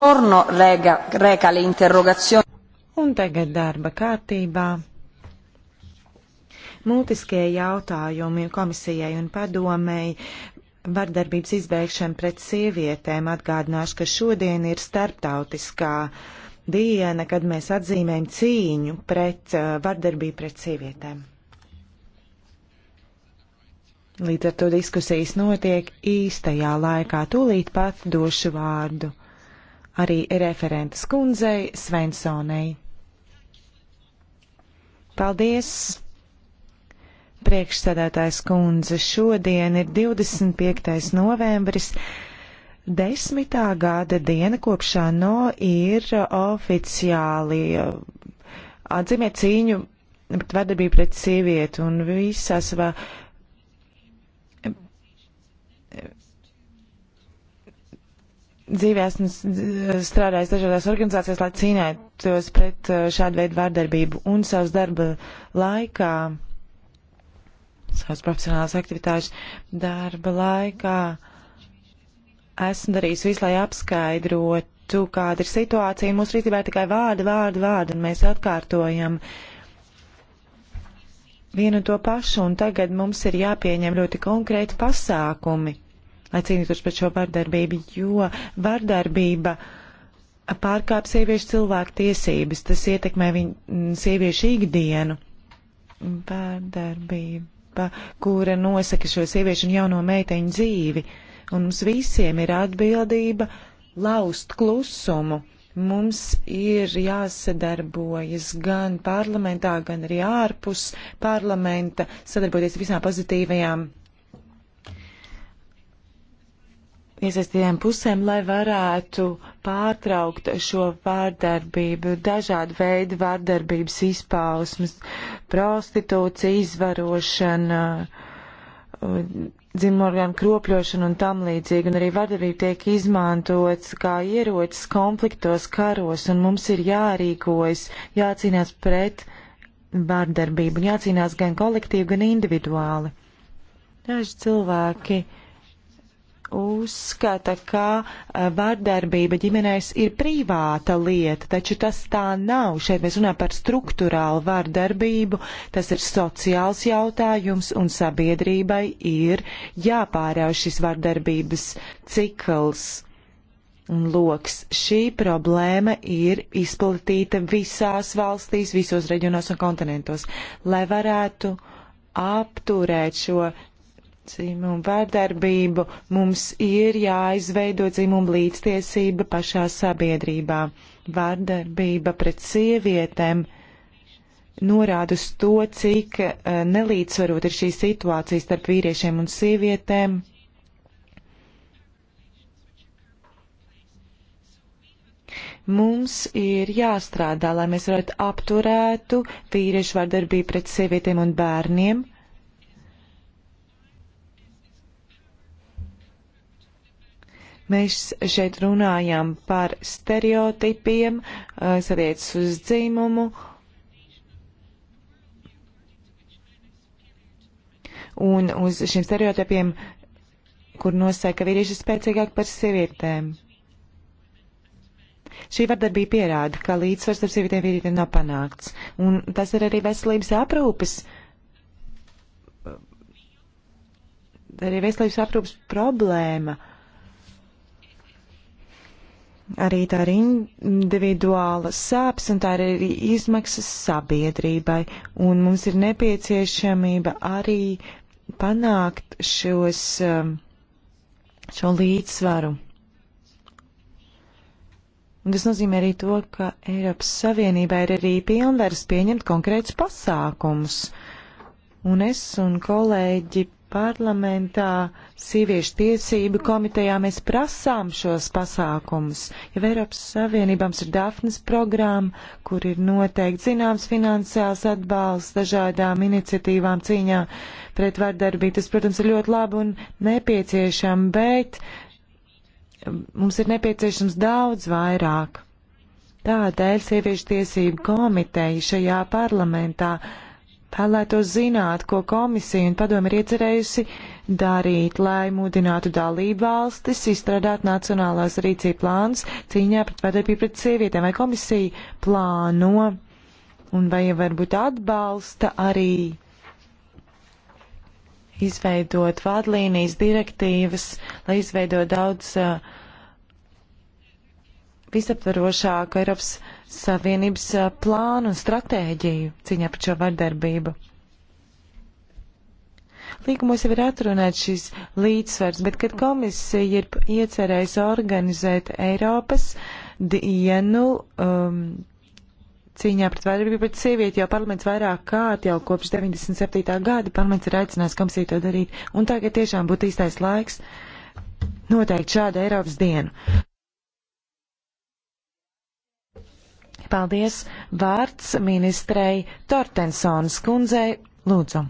Torno rega, rega le interrogazioni. Un tagad darba kārtībā multiskie jautājumi komisijai un padomēji vardarbības izbēgšana pret sievietēm. Atgādināšu, ka šodien ir starptautiskā diena, kad mēs atzīmējam cīņu pret uh, vardarbību pret sievietēm. Līdz ar to diskusijas notiek īstajā laikā. Tūlīt pat došu vārdu arī referentes kundzei Svensonei. Paldies! Priekšsēdētājs kundze, šodien ir 25. novembris, desmitā gada diena kopš ANO ir oficiāli atzīmē cīņu vardarbību pret sievieti un visā savā uh, dzīvē esmu strādājis dažādās organizācijās, lai cīnētos pret uh, šādu veidu vārdarbību un savas darba laikā, savas profesionālās aktivitātes darba laikā esmu darījis visu, lai apskaidrotu, kāda ir situācija. Mūsu rīcībā ir tikai vārdi, vārdi, vārdi, un mēs atkārtojam vienu to pašu, un tagad mums ir jāpieņem ļoti konkrēti pasākumi lai cīnītos pret šo vardarbību, jo vardarbība pārkāp sieviešu cilvēku tiesības, tas ietekmē viņu sieviešu ikdienu. Vardarbība, kura nosaka šo sieviešu un jauno meiteņu dzīvi, un mums visiem ir atbildība laust klusumu mums ir jāsadarbojas gan parlamentā, gan arī ārpus parlamenta, sadarboties ar visām pozitīvajām iesaistītiem pusēm, lai varētu pārtraukt šo vārdarbību, dažādu veidu vārdarbības izpausmes, prostitūcija, izvarošana, dzimorganu kropļošana un tam līdzīgi. Un arī vardarbība tiek izmantots kā ierocis konfliktos, karos, un mums ir jārīkojas, jācīnās pret vārdarbību, un jācīnās gan kolektīvi, gan individuāli. Daži cilvēki uzskata, ka eh, vardarbība ģimenēs ir privāta lieta, taču tas tā nav. Šeit mēs runājam par struktūrālu vardarbību, tas ir sociāls jautājums un sabiedrībai ir jāpārēv šis vardarbības cikls. Un loks. Šī problēma ir izplatīta visās valstīs, visos reģionos un kontinentos, lai varētu apturēt šo dzimumu vārdarbību, mums ir jāizveido dzimumu līdztiesība pašā sabiedrībā. Vārdarbība pret sievietēm norāda uz to, cik uh, nelīdzsvarot ir šī situācija starp vīriešiem un sievietēm. mums ir jāstrādā, lai mēs varētu apturētu vīriešu vardarbību pret sievietēm un bērniem. Mēs šeit runājam par stereotipiem, eh, kas attiecas uz dzimumu. Un uz šiem stereotipiem, kur nosaka vīrieši spēcīgāk par sievietēm. Šī vardarbība pierāda, ka līdzsvars starp sievietēm vīrietēm nav panākts. Un tas ir arī veselības aprūpes. Eh, arī veselības aprūpes problēma arī tā ir individuāla sāpes un tā ir arī izmaksas sabiedrībai. Un mums ir nepieciešamība arī panākt šos, um, šo līdzsvaru. Un tas nozīmē arī to, ka Eiropas Savienībā ir arī pilnvaras pieņemt konkrētus pasākumus. Un es un kolēģi parlamentā, sieviešu tiesību komitejā mēs prasām šos pasākumus. Jau Eiropas Savienībams ir Dafnes programma, kur ir noteikti zināms finansiāls atbalsts dažādām iniciatīvām cīņā pret vardarbību. Tas, protams, ir ļoti labi un nepieciešami, bet mums ir nepieciešams daudz vairāk. Tādēļ sieviešu tiesību komiteja šajā parlamentā vēlētos zināt, ko komisija un padomi ir iecerējusi darīt, lai mudinātu dalību valstis izstrādāt nacionālās rīcība plāns cīņā pret vardarbību pret sievietēm, vai komisija plāno un vai varbūt atbalsta arī izveidot vadlīnijas direktīvas, lai izveidot daudz uh, visaptvarošāku Eiropas uh, Savienības plānu un stratēģiju cīņā par šo vardarbību. Līgumos jau ir atrunāts šis līdzsvars, bet kad komisija ir iecerējusi organizēt Eiropas dienu um, cīņā pret vardarbību pret sievieti, jau parlaments vairāk kārt jau kopš 97. gada parlaments ir aicinājis komisiju to darīt, un tagad tiešām būtu īstais laiks noteikt šādu Eiropas dienu. Paldies! Vārds ministrei Tortensonas kundzei Lūdzu.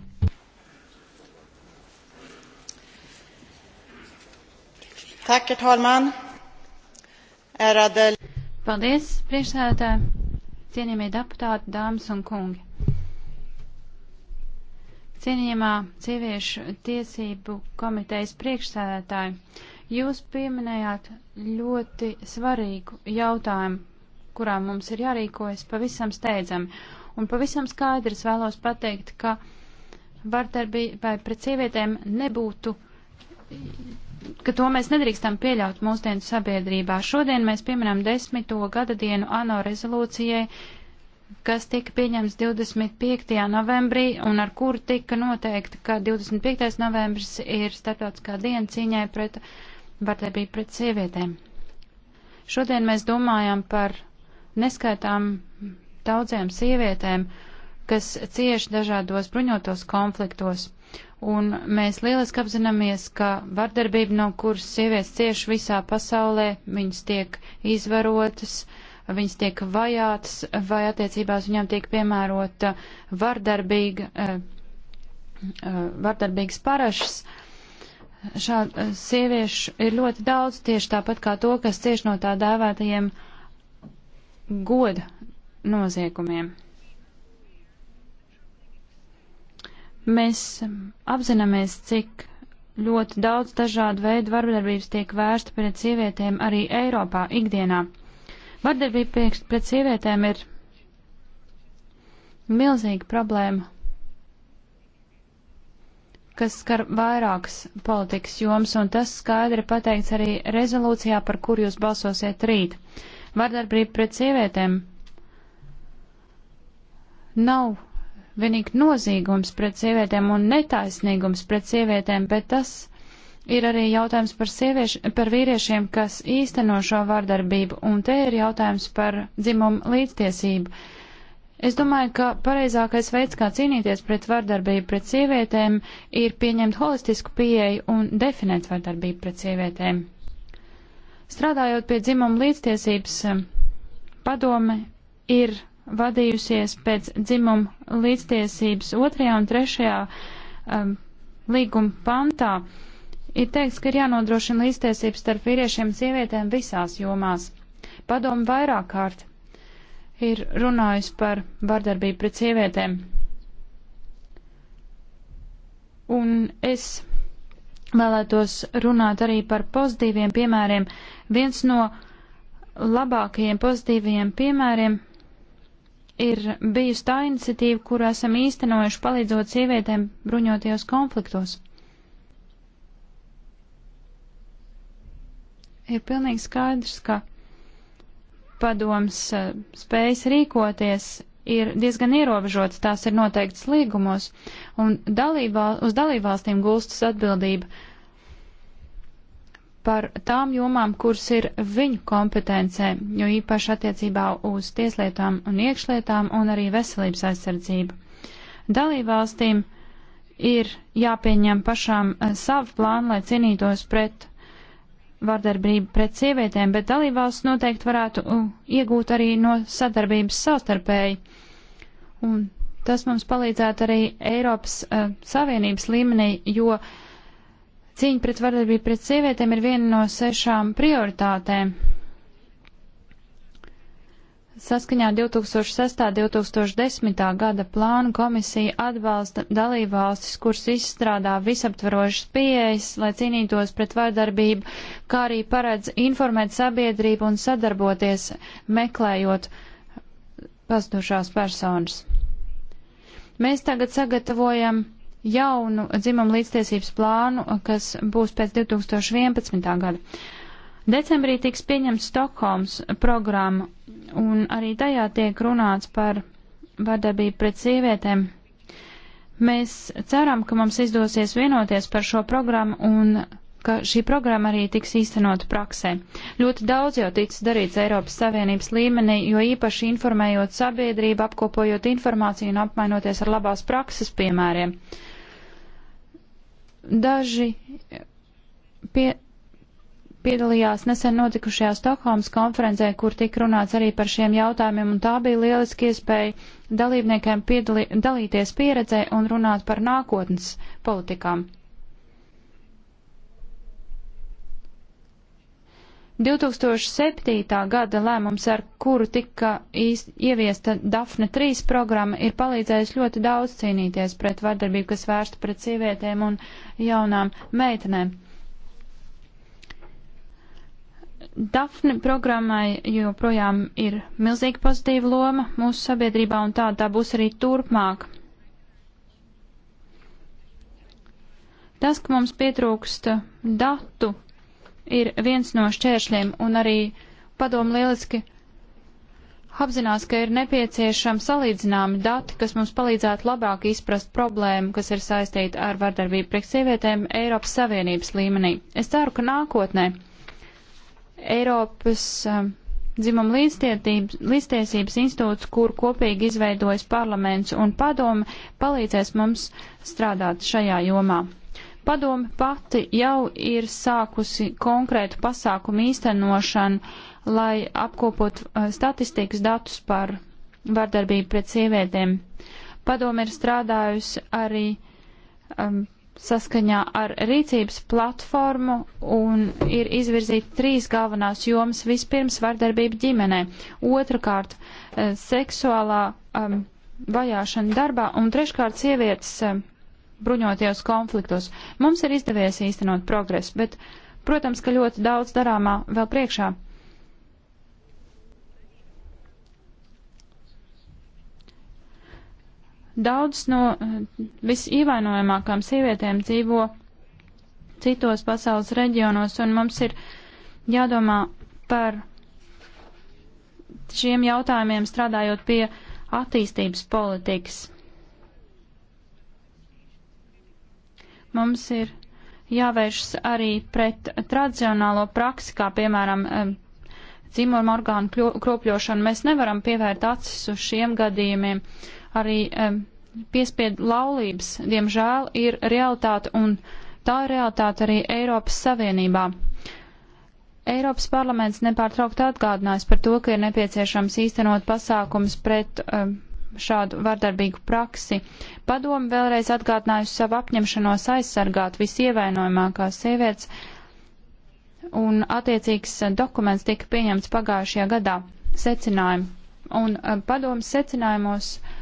Tak, herr talman! Ärade... Paldies, priekšsēdētāji, cienījamie deputāti, dāmas un kungi. Cienījamā sieviešu tiesību komitejas priekšsēdētāji, jūs pieminējāt ļoti svarīgu jautājumu, kurām mums ir jārīkojas pavisam steidzami. Un pavisam skaidrs vēlos pateikt, ka vardarbībai pret sievietēm nebūtu, ka to mēs nedrīkstam pieļaut mūsdienu sabiedrībā. Šodien mēs pieminam desmito gada dienu ANO rezolūcijai, kas tika pieņemts 25. novembrī un ar kuru tika noteikta, ka 25. novembris ir starptautiskā diena cīņai pret vardarbību pret sievietēm. Šodien mēs domājam par neskaitām daudziem sievietēm, kas cieši dažādos bruņotos konfliktos. Un mēs lieliski apzināmies, ka vardarbība, no kuras sievietes cieši visā pasaulē, viņas tiek izvarotas, viņas tiek vajātas, vai attiecībās viņām tiek piemērota vardarbīga, eh, eh, vardarbīgas parašas. Šādu eh, sieviešu ir ļoti daudz, tieši tāpat kā to, kas cieši no tā dēvētajiem uh, goda noziegumiem. Mēs apzināmies, cik ļoti daudz dažādu veidu vardarbības tiek vērsta pret sievietēm arī Eiropā ikdienā. Vardarbība pret sievietēm ir milzīga problēma, kas skar vairākas politikas jomas, un tas skaidri pateikts arī rezolūcijā, par kur jūs balsosiet rīt. Uh, Vardarbība pret sievietēm nav vienīgi nozīgums pret sievietēm un netaisnīgums pret sievietēm, bet tas ir arī jautājums par, sievieši, par vīriešiem, kas īsteno šo vārdarbību, un te ir jautājums par dzimumu līdztiesību. Es domāju, ka pareizākais veids, kā cīnīties pret vardarbību pret sievietēm, ir pieņemt holistisku pieeju un definēt vardarbību pret sievietēm. Strādājot pie dzimuma līdztiesības, eh, padome ir vadījusies pēc dzimuma līdztiesības otrajā un trešajā um, līguma pantā. Ir teikts, ka ir jānodrošina līdztiesības starp vīriešiem un sievietēm visās jomās. Padomu vairāk kārt ir runājusi par vardarbību pret sievietēm. Un es vēlētos runāt arī par pozitīviem piemēriem. Viens no labākajiem pozitīviem piemēriem ir bijusi tā iniciatīva, kuru esam īstenojuši palīdzot sievietēm bruņotajos konfliktos. Ir pilnīgi skaidrs, ka padoms eh, spējas rīkoties ir diezgan ierobežotas, tās ir noteiktas līgumos, un dalībā, uz dalībvalstīm gulstas atbildība par tām jomām, kuras ir viņu kompetencē, jo īpaši attiecībā uz tieslietām un iekšlietām un arī veselības aizsardzību. Dalībvalstīm ir jāpieņem pašām eh, savu plānu, lai cīnītos pret vardarbību pret sievietēm, bet dalībvalsts noteikti varētu uh, iegūt arī no sadarbības savstarpēji. Un tas mums palīdzētu arī Eiropas uh, Savienības līmenī, jo cīņa pret vardarbību pret sievietēm ir viena no sešām prioritātēm Saskaņā 2006.-2010. gada plānu komisija atbalsta dalībvalstis, kuras izstrādā visaptvarošas pieejas, lai cīnītos pret vardarbību, kā arī paredz informēt sabiedrību un sadarboties, meklējot pazudušās personas. Mēs tagad sagatavojam jaunu dzimumu līdztiesības plānu, kas būs pēc 2011. gada. Decembrī tiks pieņemts Stokholms programma, un arī tajā tiek runāts par vardarbību pret sievietēm. Mēs ceram, ka mums izdosies vienoties par šo programmu un ka šī programma arī tiks īstenota praksē. Ļoti daudz jau tiks darīts Eiropas Savienības līmenī, jo īpaši informējot sabiedrību, apkopojot informāciju un apmainoties ar labās prakses piemēriem. Daži pie, piedalījās nesen notikušajā Stokholmas konferencē, kur tika runāts arī par šiem jautājumiem, un tā bija lieliski iespēja dalībniekiem piedalī, dalīties pieredzē un runāt par nākotnes politikām. 2007. gada lēmums, ar kuru tika īst, ieviesta Dafne 3 programma, ir palīdzējis ļoti daudz cīnīties pret vardarbību, kas vērsta pret sievietēm un jaunām meitenēm. Dafne programmai joprojām ir milzīga pozitīva loma mūsu sabiedrībā un tāda tā būs arī turpmāk. Tas, ka mums pietrūkst datu, ir viens no šķēršļiem un arī padomu lieliski apzinās, ka ir nepieciešami salīdzināmi dati, kas mums palīdzētu labāk izprast problēmu, kas ir saistīta ar vardarbību pret sievietēm Eiropas Savienības līmenī. Es ceru, ka nākotnē Eiropas eh, dzimuma līdztiesības institūts, kur kopīgi izveidojas parlaments un padome, palīdzēs mums strādāt šajā jomā. Padome pati jau ir sākusi konkrētu pasākumu īstenošanu, lai apkopot eh, statistikas datus par vardarbību pret sievietēm. Padome ir strādājusi arī um, saskaņā ar rīcības platformu un ir izvirzīti trīs galvenās jomas. Vispirms vardarbība ģimenē, otrkārt eh, seksuālā um, vajāšana darbā un treškārt sievietes um, bruņotajos konfliktos. Mums ir izdevies īstenot progresu, bet, protams, ka ļoti daudz darāmā vēl priekšā. Daudz no eh, visievainojamākām sievietēm dzīvo citos pasaules reģionos, un mums ir jādomā par šiem jautājumiem strādājot pie attīstības politikas. Mums ir jāvēršas arī pret tradicionālo praksi, kā piemēram dzimuma eh, orgānu kropļošanu. Mēs nevaram pievērt acis uz šiem gadījumiem. Uh, Arī um, piespiedu laulības, diemžēl, ir realitāte un tā ir realitāte arī Eiropas Savienībā. Eiropas parlaments nepārtraukti atgādinājis par to, ka ir nepieciešams īstenot pasākums pret um, šādu vardarbīgu praksi. Padomu vēlreiz atgādinājusi savu apņemšanos aizsargāt visievainojamākās sievietes, un attiecīgs dokuments tika pieņemts pagājušajā gadā secinājumi. Un padomas secinājumos uh,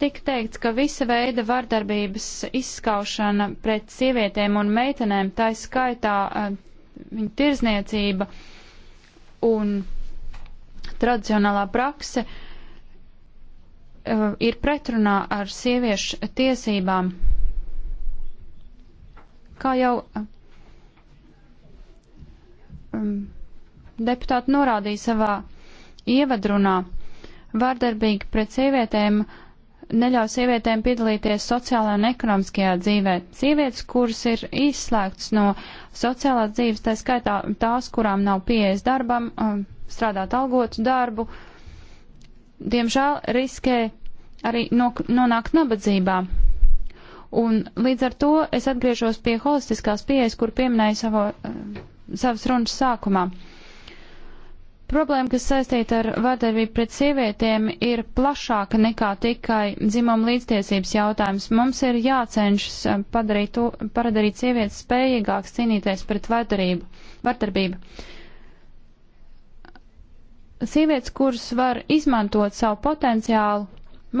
Tik teikts, ka visa veida vardarbības izskaušana pret sievietēm un meitenēm, tā skaitā eh, viņa tirzniecība un tradicionālā prakse, eh, ir pretrunā ar sieviešu tiesībām. Kā jau eh, mm, deputāti norādīja savā ievadrunā, vārdarbīgi pret sievietēm uh, neļauj sievietēm piedalīties sociālajā un ekonomiskajā dzīvē. Sievietes, kuras ir izslēgtas no sociālās dzīves, tā skaitā tās, kurām nav pieejas darbam, um, strādāt algotu darbu, diemžēl riskē arī nonākt nabadzībā. Un līdz ar to es atgriežos pie holistiskās pieejas, kur pieminēju savo, um, savas runas sākumā. Uh, Problēma, kas saistīta ar vardarbību pret sievietēm, ir plašāka nekā tikai dzimuma līdztiesības jautājums. Mums ir jācenšas eh, padarīt, to, padarīt sievietes spējīgākas cīnīties pret vardarbību. vardarbību. Sievietes, kuras var izmantot savu potenciālu,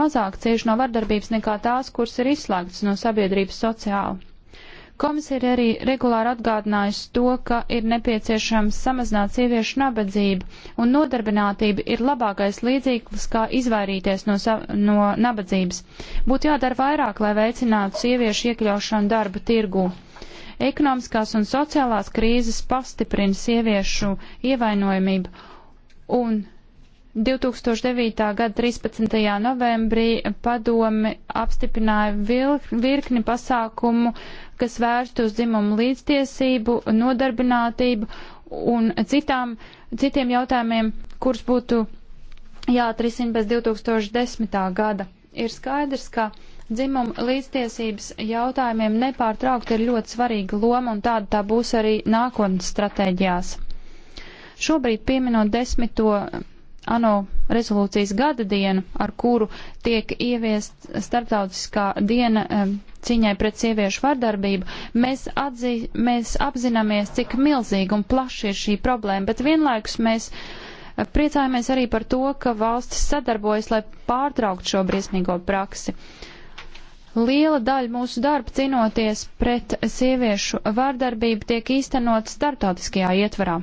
mazāk cieši no vardarbības nekā tās, kuras ir izslēgtas no sabiedrības sociāli. Komisija ir arī regulāri atgādinājusi to, ka ir nepieciešams samazināt sieviešu nabadzību, un nodarbinātība ir labākais līdzīgs, kā izvairīties no, no nabadzības. Būtu jādara vairāk, lai veicinātu sieviešu iekļaušanu darba tirgū. Ekonomiskās un sociālās krīzes pastiprina sieviešu ievainojamību, un 2009. gada 13. novembrī padomi apstiprināja virkni pasākumu, kas vērsta uz dzimumu līdztiesību, nodarbinātību un citām, citiem jautājumiem, kurus būtu jāatrisina bez 2010. gada. Ir skaidrs, ka dzimuma līdztiesības jautājumiem nepārtraukti ir ļoti svarīga loma un tāda tā būs arī nākotnes stratēģijās. Šobrīd pieminot desmito ANO rezolūcijas gada dienu, ar kuru tiek ieviest starptautiskā diena eh, cīņai pret sieviešu vardarbību, mēs, atzī, mēs apzināmies, cik milzīga un plaša ir šī problēma, bet vienlaikus mēs eh, priecājamies arī par to, ka valstis sadarbojas, lai pārtrauktu šo briesmīgo praksi. Liela daļa mūsu darba cīnoties pret sieviešu vārdarbību tiek īstenot startautiskajā ietvarā.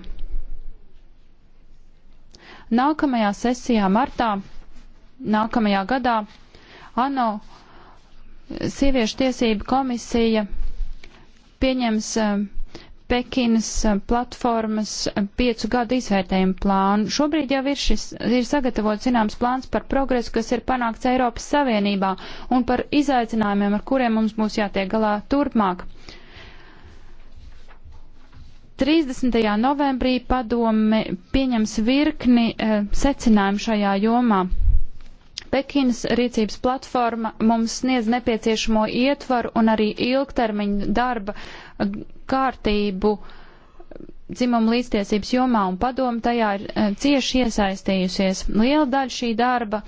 Nākamajā sesijā martā, nākamajā gadā, ANO sieviešu tiesību komisija pieņems eh, Pekinas eh, platformas eh, piecu gadu izvērtējumu plānu. Šobrīd jau ir, šis, ir sagatavots zināms plāns par progresu, kas ir panākts Eiropas Savienībā un par izaicinājumiem, ar kuriem mums būs jātiek galā turpmāk. 30. novembrī padome pieņems virkni e, secinājumu šajā jomā. Pekinas rīcības platforma mums sniedz nepieciešamo ietvaru un arī ilgtermiņu darba kārtību eh, dzimumu līdztiesības jomā, un padoma tajā ir e, cieši iesaistījusies. Liela daļa šī darba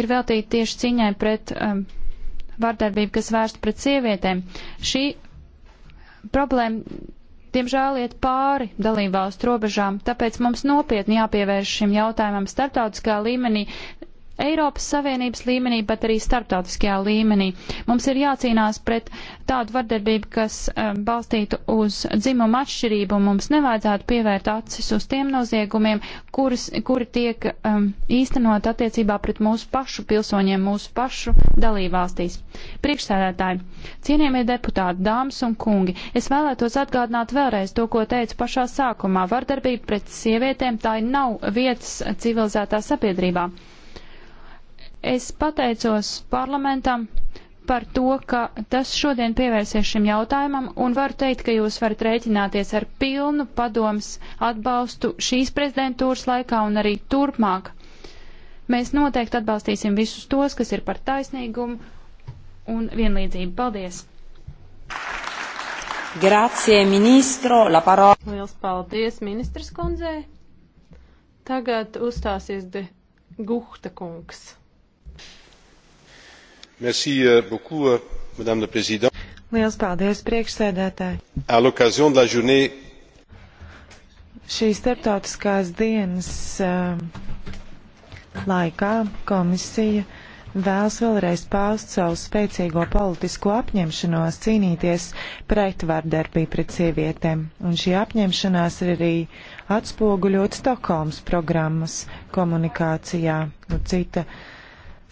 ir veltīta tieši ciņai pret e, vardarbību, kas vērsta pret sievietēm. Šī problēma diemžēl iet pāri dalībvalstu robežām, tāpēc mums nopietni jāpievērš šim jautājumam starptautiskā līmenī, Eiropas Savienības līmenī, bet arī starptautiskajā līmenī. Mums ir jācīnās pret tādu vardarbību, kas eh, balstītu uz dzimumu atšķirību, un mums nevajadzētu pievērt acis uz tiem noziegumiem, kuras, kuri tiek um, īstenot attiecībā pret mūsu pašu pilsoņiem, mūsu pašu dalībvalstīs. Priekšsēdētāji, cienījamie deputāti, dāmas un kungi, es vēlētos atgādināt vēlreiz to, ko teicu pašā sākumā. Vardarbība pret sievietēm tā nav vietas civilizētā sabiedrībā. Es pateicos parlamentam par to, ka tas šodien pievērsies šim jautājumam un varu teikt, ka jūs varat rēķināties ar pilnu padomas atbalstu šīs prezidentūras laikā un arī turpmāk. Mēs noteikti atbalstīsim visus tos, kas ir par taisnīgumu un vienlīdzību. Paldies! Grazie, ministro, la parola. Liels paldies, ministrs kundzei. Tagad uzstāsies de Guhta kungs. Merci euh, beaucoup, euh, madame la présidente. Liels paldies, priekšsēdētāji. À l'occasion de la journée. Šīs starptautiskās dienas uh, laikā komisija vēlas vēlreiz paust savu spēcīgo politisko apņemšanos cīnīties pret vardarbību pret sievietēm, un šī apņemšanās ir arī atspoguļot Stokholmas programmas komunikācijā, un nu, cita uh,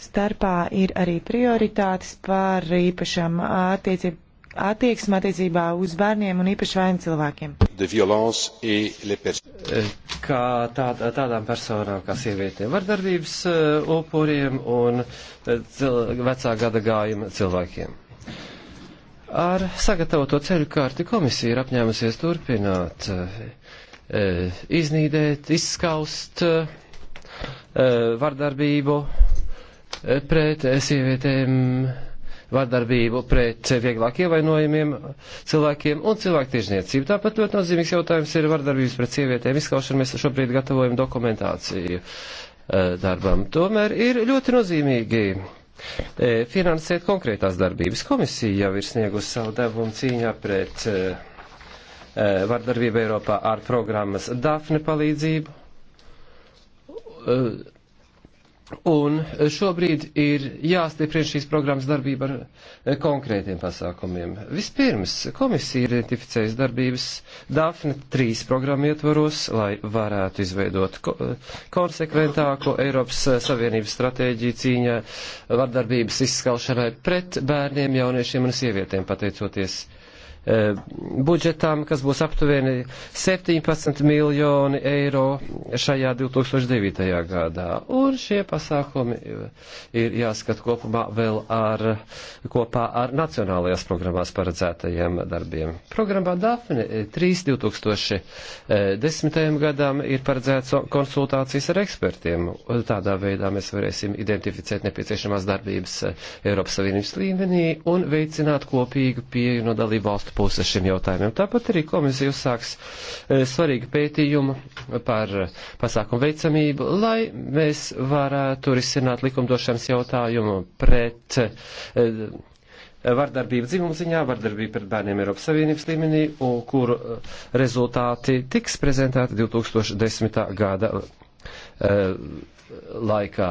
starpā ir arī prioritātes par īpašām attiecībām attieksme attiecībā uz bērniem un īpaši vainu cilvēkiem. Eh, kā tā, tādām personām, kā sievietēm, vardarbības eh, upuriem un eh, cil, vecā gada gājuma cilvēkiem. Ar sagatavoto ceļu kārti komisija ir apņēmusies turpināt iznīdēt, izskaust vardarbību pret sievietēm vardarbību pret vieglāk ievainojumiem cilvēkiem un cilvēku tirzniecību. Tāpat ļoti nozīmīgs jautājums ir vardarbības pret sievietēm izskaušana. Mēs šobrīd gatavojam dokumentāciju eh, darbam. Tomēr ir ļoti nozīmīgi eh, finansēt konkrētās darbības. Komisija jau ir sniegusi savu devumu cīņā pret eh, vardarbību Eiropā ar programmas DAFNE palīdzību Un šobrīd ir jāstiprina šīs programmas darbība ar eh, konkrētiem pasākumiem. Vispirms komisija ir identificējusi darbības DAFNE 3 programmu ietvaros, lai varētu izveidot ko eh, konsekventāko Eiropas eh, Savienības stratēģiju cīņā vardarbības izskalšanai pret bērniem, jauniešiem un sievietēm, pateicoties uh, Eh, budžetām, kas būs aptuveni 17 miljoni eiro šajā 2009. gadā. Un šie pasākumi eh, ir jāskat kopumā vēl ar, kopā ar nacionālajās programmās paredzētajiem darbiem. Programmā Dafne 3 eh, 2010. gadam ir paredzēts konsultācijas ar ekspertiem. Tādā veidā mēs varēsim identificēt nepieciešamās darbības Eiropas Savienības līmenī un veicināt kopīgu pieeju no dalību valstu puse šim jautājumam. Tāpat arī komisija uzsāks e, svarīgu pētījumu par e, pasākumu veicamību, lai mēs varētu risināt likumdošanas jautājumu pret e, vardarbību dzimumu ziņā, vardarbību pret bērniem Eiropas Savienības līmenī, un kuru rezultāti tiks prezentēti 2010. gada laikā.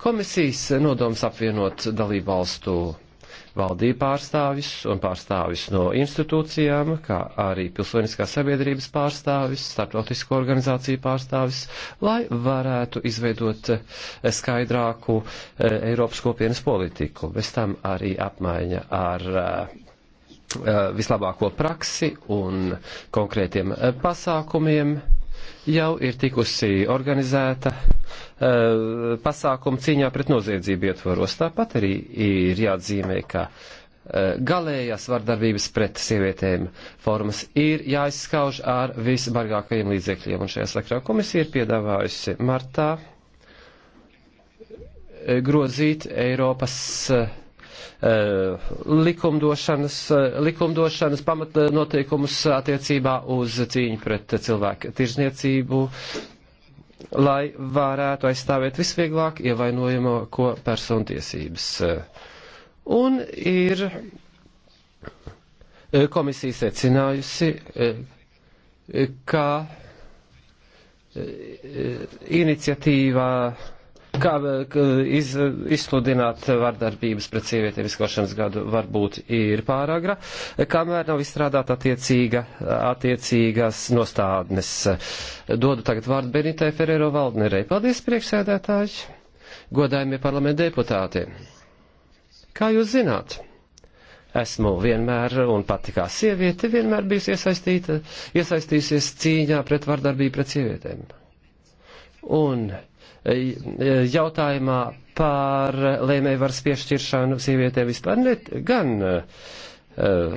Komisijas nodoms apvienot dalību valstu valdību pārstāvis un pārstāvis no institūcijām, kā arī pilsoniskās sabiedrības pārstāvis, starptautisko organizāciju pārstāvis, lai varētu izveidot eh, skaidrāku eh, Eiropas kopienas politiku. Bez tam arī apmaiņa ar eh, vislabāko praksi un konkrētiem pasākumiem jau ir tikusi organizēta eh, pasākuma cīņā pret noziedzību ietvaros. Tāpat arī ir jāatzīmē, ka eh, galējās vardarbības pret sievietēm formas ir jāizskauž ar visbargākajiem līdzekļiem. Un šajā sakrā komisija ir piedāvājusi martā eh, grozīt Eiropas Uh, likumdošanas, uh, likumdošanas pamatnoteikumus attiecībā uz cīņu pret cilvēku tirzniecību, lai varētu aizstāvēt visvieglāk ievainojamo ko persontiesības. Uh, un ir komisija secinājusi, ka iniciatīvā kā, kā iz, izsludināt vardarbības pret sievietēm izkošanas gadu varbūt ir pāragra, kamēr nav izstrādāta attiecīga, attiecīgas nostādnes. Dodu tagad vārdu Benitai Ferrero Valdnerei. Paldies, priekšsēdētāji, godājumie parlamenta deputāti. Kā jūs zināt? Esmu vienmēr, un pati kā sieviete, vienmēr bijusi iesaistīta, iesaistījusies cīņā pret vardarbību pret sievietēm. Un jautājumā par lēmējvaras piešķiršanu sievietēm vispār ne, gan eh,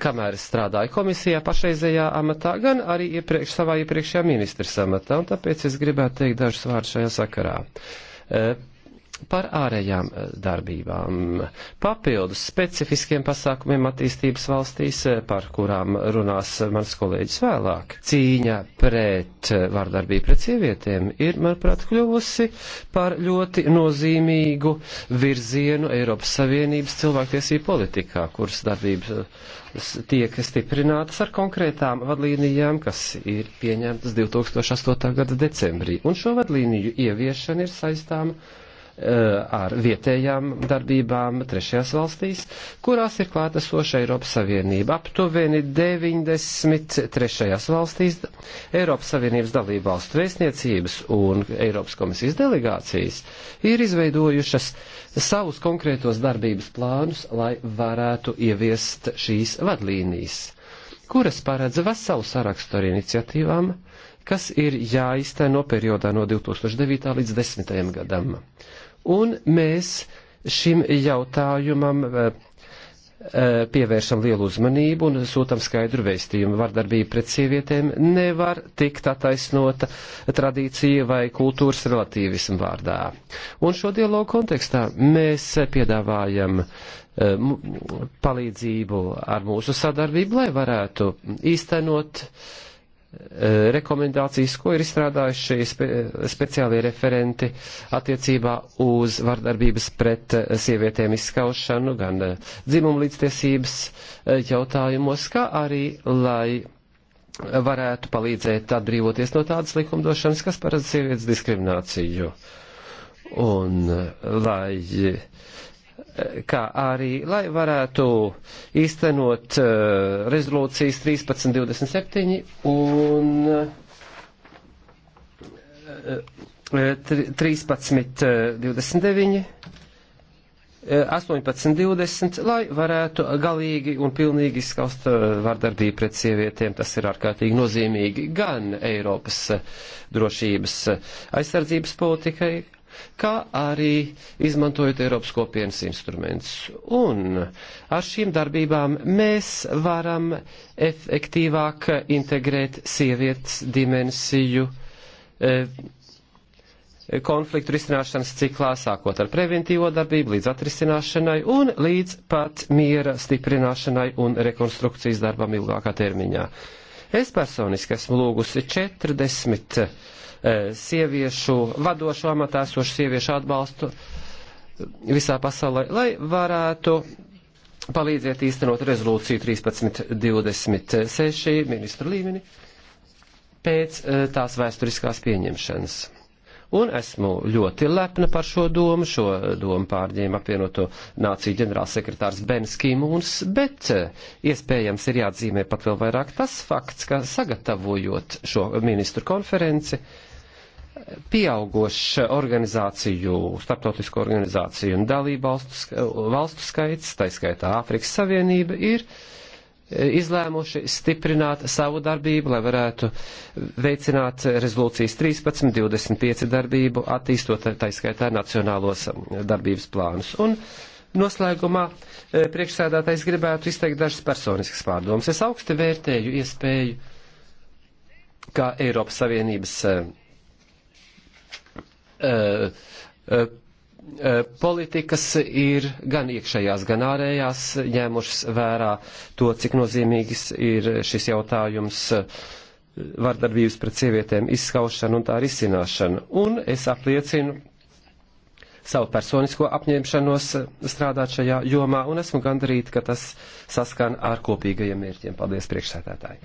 kamēr es strādāju komisijā pašreizējā amatā, gan arī iepriekš, savā iepriekšējā ministrs amatā, un tāpēc es gribētu teikt dažus vārdus šajā sakarā. Eh, par ārējām eh, darbībām, papildus specifiskiem pasākumiem attīstības valstīs, eh, par kurām runās mans kolēģis vēlāk. Cīņa pret eh, vardarbību pret sievietēm ir, manuprāt, kļuvusi par ļoti nozīmīgu virzienu Eiropas Savienības cilvēktiesību politikā, kuras darbības tiek stiprinātas ar konkrētām vadlīnijām, kas ir pieņemtas 2008. gada decembrī. Un šo vadlīniju ieviešana ir saistāma Eh, ar vietējām darbībām trešajās valstīs, kurās ir klātesoša Eiropas Savienība. Aptuveni 93. valstīs Eiropas Savienības dalību valstu vēstniecības un Eiropas komisijas delegācijas ir izveidojušas savus konkrētos darbības plānus, lai varētu ieviest šīs vadlīnijas, kuras paredz veselu sarakstu ar iniciatīvām, kas ir jāizteno periodā no 2009. līdz 2010. gadam un mēs šim jautājumam eh, eh, pievēršam lielu uzmanību un sūtam skaidru vēstījumu. Vardarbība pret sievietēm nevar tikt attaisnota tradīcija vai kultūras relativismu vārdā. Un šo dialogu kontekstā mēs piedāvājam eh, palīdzību ar mūsu sadarbību, lai varētu īstenot uh, E, rekomendācijas, ko ir izstrādājuši šie spe, speciālie referenti attiecībā uz vardarbības pret e, sievietēm izskaušanu, gan e, dzimumu līdztiesības jautājumos, kā arī, lai varētu palīdzēt atbrīvoties no tādas likumdošanas, kas paredz sievietes diskrimināciju. Un lai uh, kā arī, lai varētu īstenot eh, rezolūcijas 1327 un 1329, eh, 1820, eh, lai varētu galīgi un pilnīgi izskaust vardarbību pret sievietēm. Tas ir ārkārtīgi nozīmīgi gan Eiropas drošības aizsardzības politikai, kā arī izmantojot Eiropas kopienas instrumentus. Un ar šīm darbībām mēs varam efektīvāk integrēt sievietes dimensiju eh, konfliktu risināšanas ciklā, sākot ar preventīvo darbību, līdz atrisināšanai un līdz pat miera stiprināšanai un rekonstrukcijas darbam ilgākā termiņā. Es personiski esmu lūgusi 40 E, sieviešu, vadošo amatā esošu sieviešu atbalstu visā pasaulē, lai varētu palīdziet īstenot rezolūciju 1326 ministru līmeni pēc e, tās vēsturiskās pieņemšanas. Un esmu ļoti lepna par šo domu, šo domu pārņēma apvienoto nāciju ģenerālsekretārs Bens Kīmūns, bet e, iespējams ir jāatzīmē pat vēl vairāk tas fakts, ka sagatavojot šo ministru konferenci, uh, pieaugošs organizāciju, starptautisku organizāciju un dalību valstu, valstu skaits, taiskaitā Āfrikas Savienība, ir e, izlēmuši stiprināt savu darbību, lai varētu veicināt rezolūcijas 13.25 darbību, attīstot taiskaitā nacionālos darbības plānus. Un noslēgumā e, priekšsēdātais gribētu izteikt dažas personiskas pārdomas. Es augsti vērtēju iespēju, kā Eiropas Savienības e, Eh, eh, eh, politikas ir gan iekšējās, gan ārējās ņēmušas vērā to, cik nozīmīgs ir šis jautājums vardarbības pret sievietēm izskaušana un tā risināšana. Un es apliecinu savu personisko apņemšanos strādāt šajā jomā, un esmu gandarīti, ka tas saskan ar kopīgajiem mērķiem. Paldies, priekšsētētāji!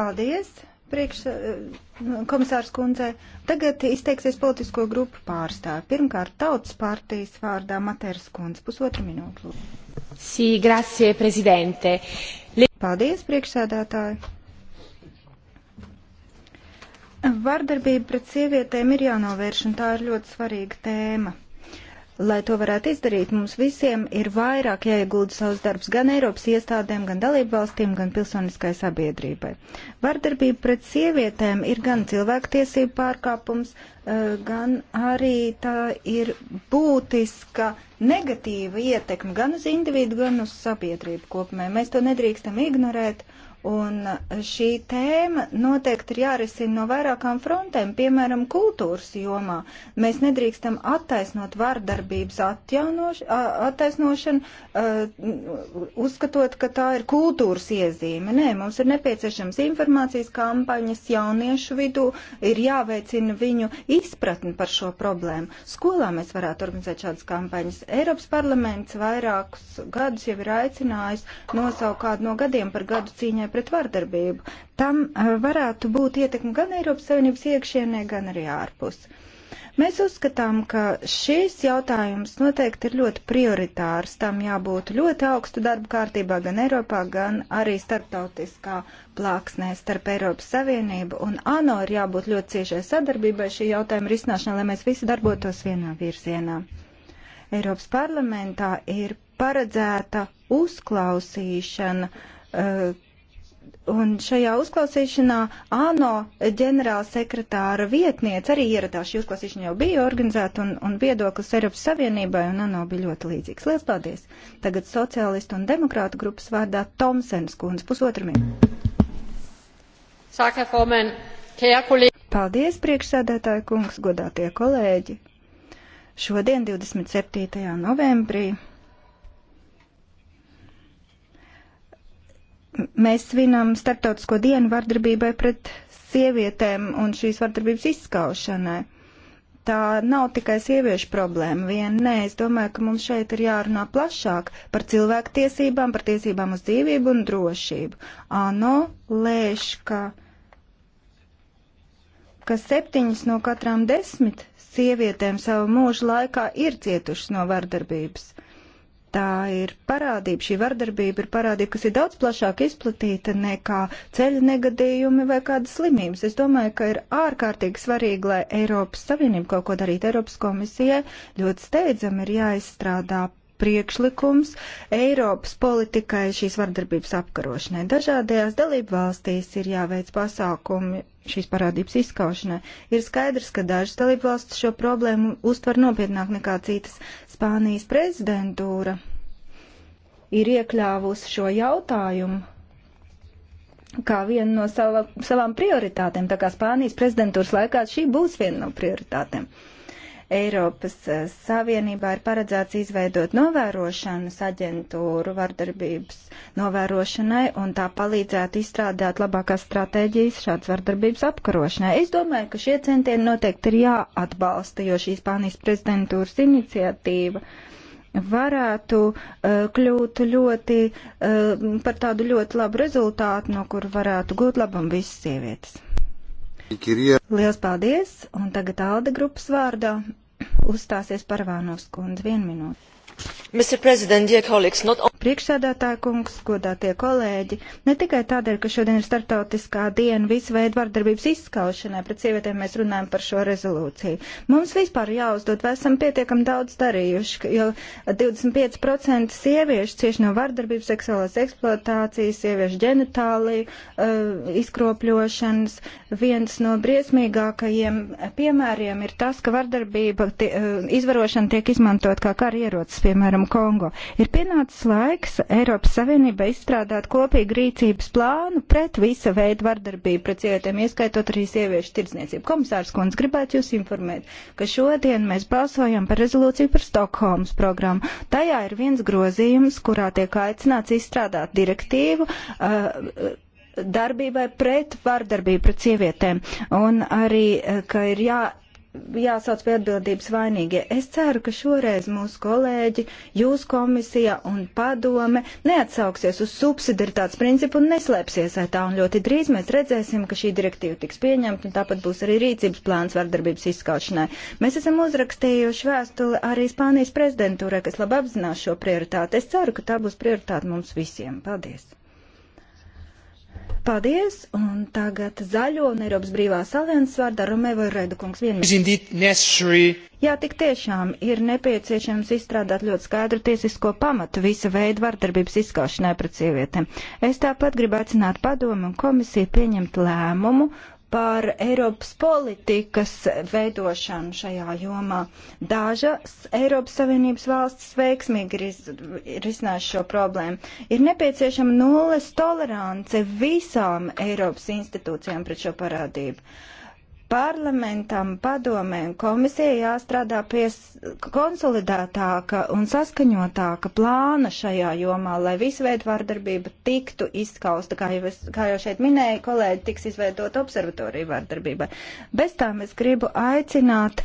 Paldies! Priekš eh, komisārs kundze, tagad izteiksies politisko grupu pārstāvi. Pirmkārt, tautas partijas vārdā Materas kundze, pusotru minūtu. Sī, grazie, prezidente. Paldies, priekšsēdētāji. Vardarbība pret sievietēm ir jānovērš, un tā ir ļoti svarīga tēma. Lai to varētu izdarīt, mums visiem ir vairāk jāiegulda savus darbs gan Eiropas iestādēm, gan dalību valstīm, gan pilsoniskai sabiedrībai. Vardarbība pret sievietēm ir gan cilvēktiesība pārkāpums, eh, gan arī tā ir būtiska negatīva ietekme gan uz individu, gan uz sabiedrību kopumā. Mēs to nedrīkstam ignorēt Un šī tēma noteikti ir jārisina no vairākām frontēm, piemēram, kultūras jomā. Mēs nedrīkstam attaisnot vardarbības attaisnošanu, uzskatot, ka tā ir kultūras iezīme. Nē, mums ir nepieciešams informācijas kampaņas jauniešu vidū, ir jāveicina viņu izpratni par šo problēmu. Skolā mēs varētu organizēt šādas kampaņas. Eiropas parlaments vairākus gadus jau ir aicinājis nosaukt kādu no gadiem par gadu cīņai cīņai pret vardarbību. Tam eh, varētu būt ietekme gan Eiropas Savienības iekšienē, gan arī ārpus. Mēs uzskatām, ka šīs jautājums noteikti ir ļoti prioritārs. Tam jābūt ļoti augstu darbu kārtībā gan Eiropā, gan arī starptautiskā plāksnē starp Eiropas Savienību un ANO ir jābūt ļoti ciešai sadarbībai šī jautājuma risināšanā, lai mēs visi darbotos vienā virzienā. Eiropas parlamentā ir paredzēta uzklausīšana. Uh, Un šajā uzklausīšanā ANO ģenerāla sekretāra vietniece arī ieradās. Šī uzklausīšana jau bija organizēta un, un viedoklis Eiropas Savienībai un ANO bija ļoti līdzīgs. Lielas paldies! Tagad sociālistu un demokrātu grupas vārdā Tomsens kundze pusotru minūti. Paldies, priekšsēdētāju kungs, godātie kolēģi! Šodien, 27. novembrī, Mēs svinam Startautisko dienu vardarbībai pret sievietēm un šīs vardarbības izskaušanai. Tā nav tikai sieviešu problēma vien, nē, es domāju, ka mums šeit ir jārunā plašāk par cilvēku tiesībām, par tiesībām uz dzīvību un drošību. Ano lēš, ka, ka septiņas no katrām desmit sievietēm savu mūžu laikā ir cietušas no vardarbības tā ir parādība, šī vardarbība ir parādība, kas ir daudz plašāk izplatīta nekā ceļa negadījumi vai kādas slimības. Es domāju, ka ir ārkārtīgi svarīgi, lai Eiropas Savienība kaut ko darītu. Eiropas komisijai ļoti steidzam ir jāizstrādā priekšlikums Eiropas politikai šīs vardarbības apkarošanai. Dažādajās dalību valstīs ir jāveic pasākumi šīs parādības izskaušanai. Ir skaidrs, ka dažas dalību valstis šo problēmu uztver nopietnāk nekā citas. Spānijas prezidentūra ir iekļāvusi šo jautājumu kā vienu no sava, savām prioritātēm, tā kā Spānijas prezidentūras laikā šī būs viena no prioritātēm. Uh, Eiropas eh, Savienībā ir paredzēts izveidot novērošanas aģentūru vardarbības novērošanai un tā palīdzētu izstrādāt labākās stratēģijas šāds vardarbības apkarošanai. Es domāju, ka šie centieni noteikti ir jāatbalsta, jo šī Spānijas prezidentūras iniciatīva varētu uh, kļūt ļoti uh, par tādu ļoti labu rezultātu, no kur varētu gūt labam visas sievietes. Liels paldies! Un tagad Alde grupas vārdā uzstāsies Parvānos kundze. Vienu minūti. Priekšsēdētāja kungs, godātie kolēģi, ne tikai tādēļ, ka šodien ir startautiskā diena visu veidu vardarbības izskaušanai pret sievietēm, mēs runājam par šo rezolūciju. Mums vispār jāuzdod, vai esam pietiekam daudz darījuši, jo 25% sieviešu cieši no vardarbības, seksuālās eksploatācijas, sieviešu ģenitāliju, uh, izkropļošanas. Viens no briesmīgākajiem piemēriem ir tas, ka vardarbība, tie, uh, izvarošana tiek izmantot kā karierots piemēram, Kongo. Ir pienācis laiks Eiropas Savienībai izstrādāt kopīgu rīcības plānu pret visa veida vardarbību pret sievietēm, ieskaitot arī sieviešu tirdzniecību. Komisārs Kunds gribētu jūs informēt, ka šodien mēs balsojam par rezolūciju par Stokholmas programmu. Tajā ir viens grozījums, kurā tiek aicināts izstrādāt direktīvu. Uh, darbībai pret vardarbību pret sievietēm un arī, uh, ka ir jā jāsauc pie atbildības vainīgie. Es ceru, ka šoreiz mūsu kolēģi, jūs komisijā un padome neatsauksies uz subsidiaritātes principu un neslēpsies aiz tā. Un ļoti drīz mēs redzēsim, ka šī direktīva tiks pieņemta un tāpat būs arī rīcības plāns vardarbības izskaušanai. Mēs esam uzrakstījuši vēstuli arī Spānijas prezidentūrai, kas labi apzinās šo prioritāti. Es ceru, ka tā būs prioritāte mums visiem. Paldies! Paldies, un tagad zaļo un Eiropas brīvās alianses vārdā Romēvo ir Raidukungs vienmēr. Jā, tik tiešām ir nepieciešams izstrādāt ļoti skaidru tiesisko pamatu visa veida vardarbības izskaušanai pret sievietēm. Es tāpat gribu aicināt padomu un komisiju pieņemt lēmumu par Eiropas politikas veidošanu šajā jomā. Dažas Eiropas Savienības valstis veiksmīgi ris risinās šo problēmu. Ir nepieciešama nulles tolerance visām Eiropas institūcijām pret šo parādību. Uh, Parlamentam, padomē un komisijai jāstrādā pie konsolidētāka un saskaņotāka plāna šajā jomā, lai visu veidu vārdarbība tiktu izskausta, kā jau, es, kā jau šeit minēja kolēģi, tiks izveidot observatoriju vārdarbībai. Bez tām es gribu aicināt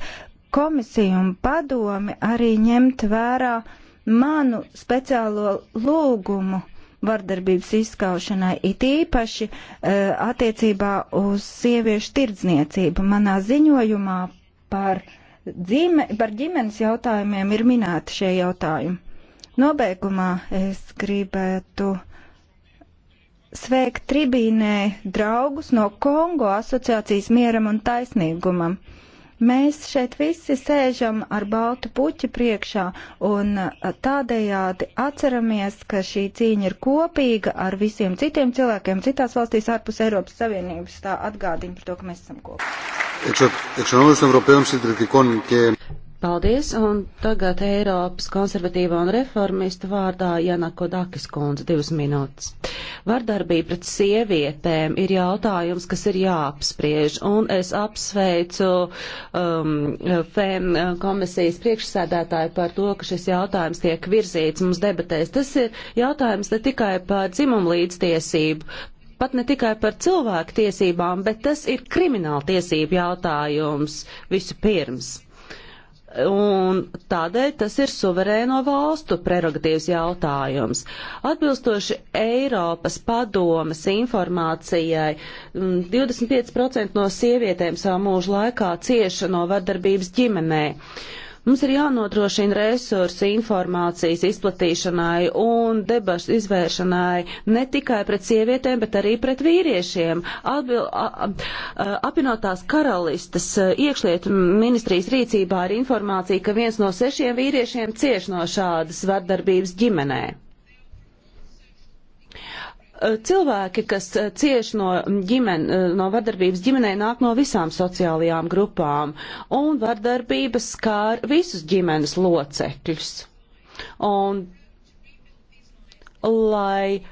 komisiju un padomi arī ņemt vērā manu speciālo lūgumu vardarbības izskaušanai, it īpaši uh, attiecībā uz sieviešu tirdzniecību. Manā ziņojumā par, dzime, par ģimenes jautājumiem ir minēti šie jautājumi. Nobeigumā es gribētu sveikt tribīnē draugus no Kongo asociācijas mieram un taisnīgumam. Mēs šeit visi sēžam ar baltu puķi priekšā un tādējādi atceramies, ka šī cīņa ir kopīga ar visiem citiem cilvēkiem citās valstīs ārpus Eiropas Savienības. Tā atgādina par to, ka mēs esam kopā. Paldies, un tagad Eiropas konservatīvā un reformista vārdā Janako Dakis kundze divas minūtes. Uh, Vardarbība pret sievietēm ir jautājums, kas ir jāapspriež, un es apsveicu um, FEM komisijas priekšsēdētāju par to, ka šis jautājums tiek virzīts mums debatēs. Tas ir jautājums ne tikai par dzimumu līdztiesību, pat ne tikai par cilvēku tiesībām, bet tas ir krimināla tiesību jautājums vispirms. Un tādēļ tas ir suverēno valstu prerogatīvas jautājums. Atbilstoši Eiropas padomas informācijai, mm, 25% no sievietēm savā mūža laikā cieša no vardarbības ģimenē. Uh, Mums ir jānodrošina resursi informācijas izplatīšanai un debašu izvēršanai ne tikai pret sievietēm, bet arī pret vīriešiem. Atbil, a, a, apvienotās karalistas e, iekšlietu ministrijas rīcībā ir informācija, ka viens no sešiem vīriešiem cieš no šādas vardarbības ģimenē. Eh, cilvēki, kas eh, cieši no, ģimen, eh, no vardarbības ģimenē, nāk no visām sociālajām grupām, un vardarbības skār visus ģimenes locekļus. Un, lai uh,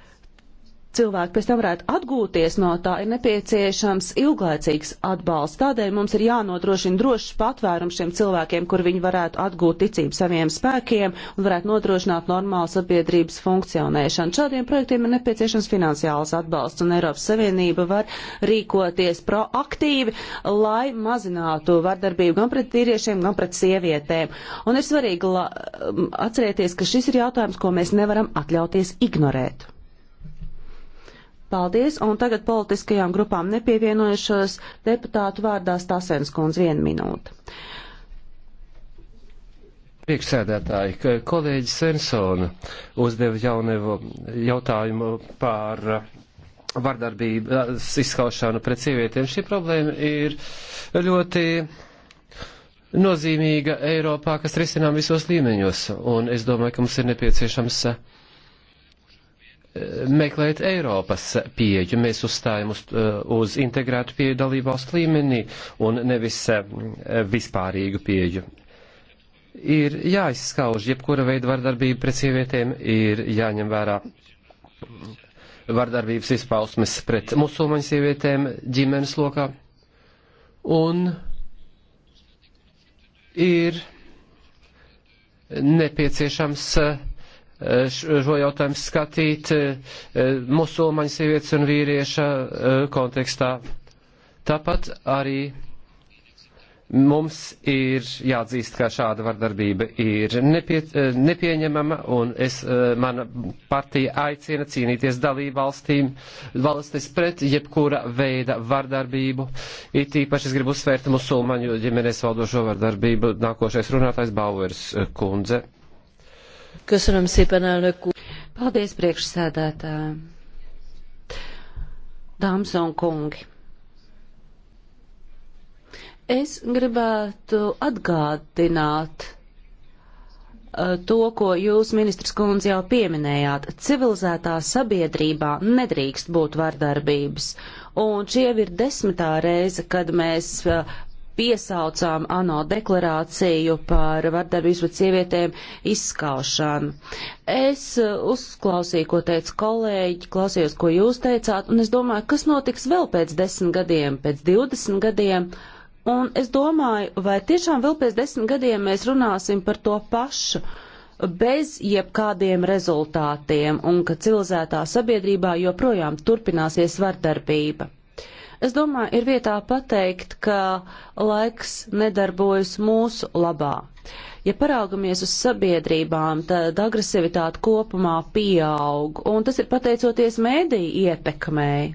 cilvēki pēc tam varētu atgūties no tā, ir nepieciešams ilglaicīgs atbalsts. Tādēļ mums ir jānodrošina drošs patvērums šiem cilvēkiem, kur viņi varētu atgūt ticību saviem spēkiem un varētu nodrošināt normālu sabiedrības funkcionēšanu. Šādiem projektiem ir nepieciešams finansiāls atbalsts, un Eiropas Savienība var rīkoties proaktīvi, lai mazinātu vardarbību gan pret vīriešiem, gan pret sievietēm. Un ir svarīgi la, atcerēties, ka šis ir jautājums, ko mēs nevaram atļauties ignorēt. Paldies, un tagad politiskajām grupām nepievienojušos deputātu vārdā Stasens kundz vienu minūtu. Priekšsēdētāji, kolēģis Sensona uzdeva jaunievu jautājumu par uh, vardarbības izskaušanu pret sievietēm. Šī problēma ir ļoti nozīmīga Eiropā, kas risinām visos līmeņos, un es domāju, ka mums ir nepieciešams uh, meklēt Eiropas pieeju. Mēs uzstājam uz, uz integrētu pieeju dalībvalstu līmenī un nevis eh, vispārīgu pieeju. Ir jāizskauž jebkura veida vardarbība pret sievietēm, ir jāņem vērā vardarbības izpausmes pret musulmaņu sievietēm ģimenes lokā. Un ir nepieciešams uh, Eh, eh, šo jautājumu skatīt eh, musulmaņu sievietes un vīrieša kontekstā. Tāpat arī mums ir jāatzīst, ka šāda vardarbība ir nepie, nepieņemama, un es, mana partija aicina cīnīties dalību valstīm, valstis pret jebkura veida vardarbību. It īpaši es gribu uzsvērt musulmaņu ģimenēs valdošo vardarbību. Nākošais runātājs Bauers kundze. Köszönöm szépen, elnök úr. Paldies, priekšsēdētāji. Dāmas un kungi. Es gribētu atgādināt eh, to, ko jūs, ministrs kundze, jau pieminējāt. Civilizētā sabiedrībā nedrīkst būt vardarbības. Un šie ir desmitā reize, kad mēs eh, piesaucām ANO deklarāciju par vardarbības pret sievietēm izskaušanu. Es uh, uzklausīju, ko teica kolēģi, klausījos, ko jūs teicāt, un es domāju, kas notiks vēl pēc desmit gadiem, pēc divdesmit gadiem. Un es domāju, vai tiešām vēl pēc desmit gadiem mēs runāsim par to pašu bez jebkādiem rezultātiem un ka civilizētā sabiedrībā joprojām turpināsies vardarbība. Es domāju, ir vietā pateikt, ka laiks nedarbojas mūsu labā. Ja paraugamies uz sabiedrībām, tad agresivitāte kopumā pieaug, un tas ir pateicoties mēdīju ietekmei.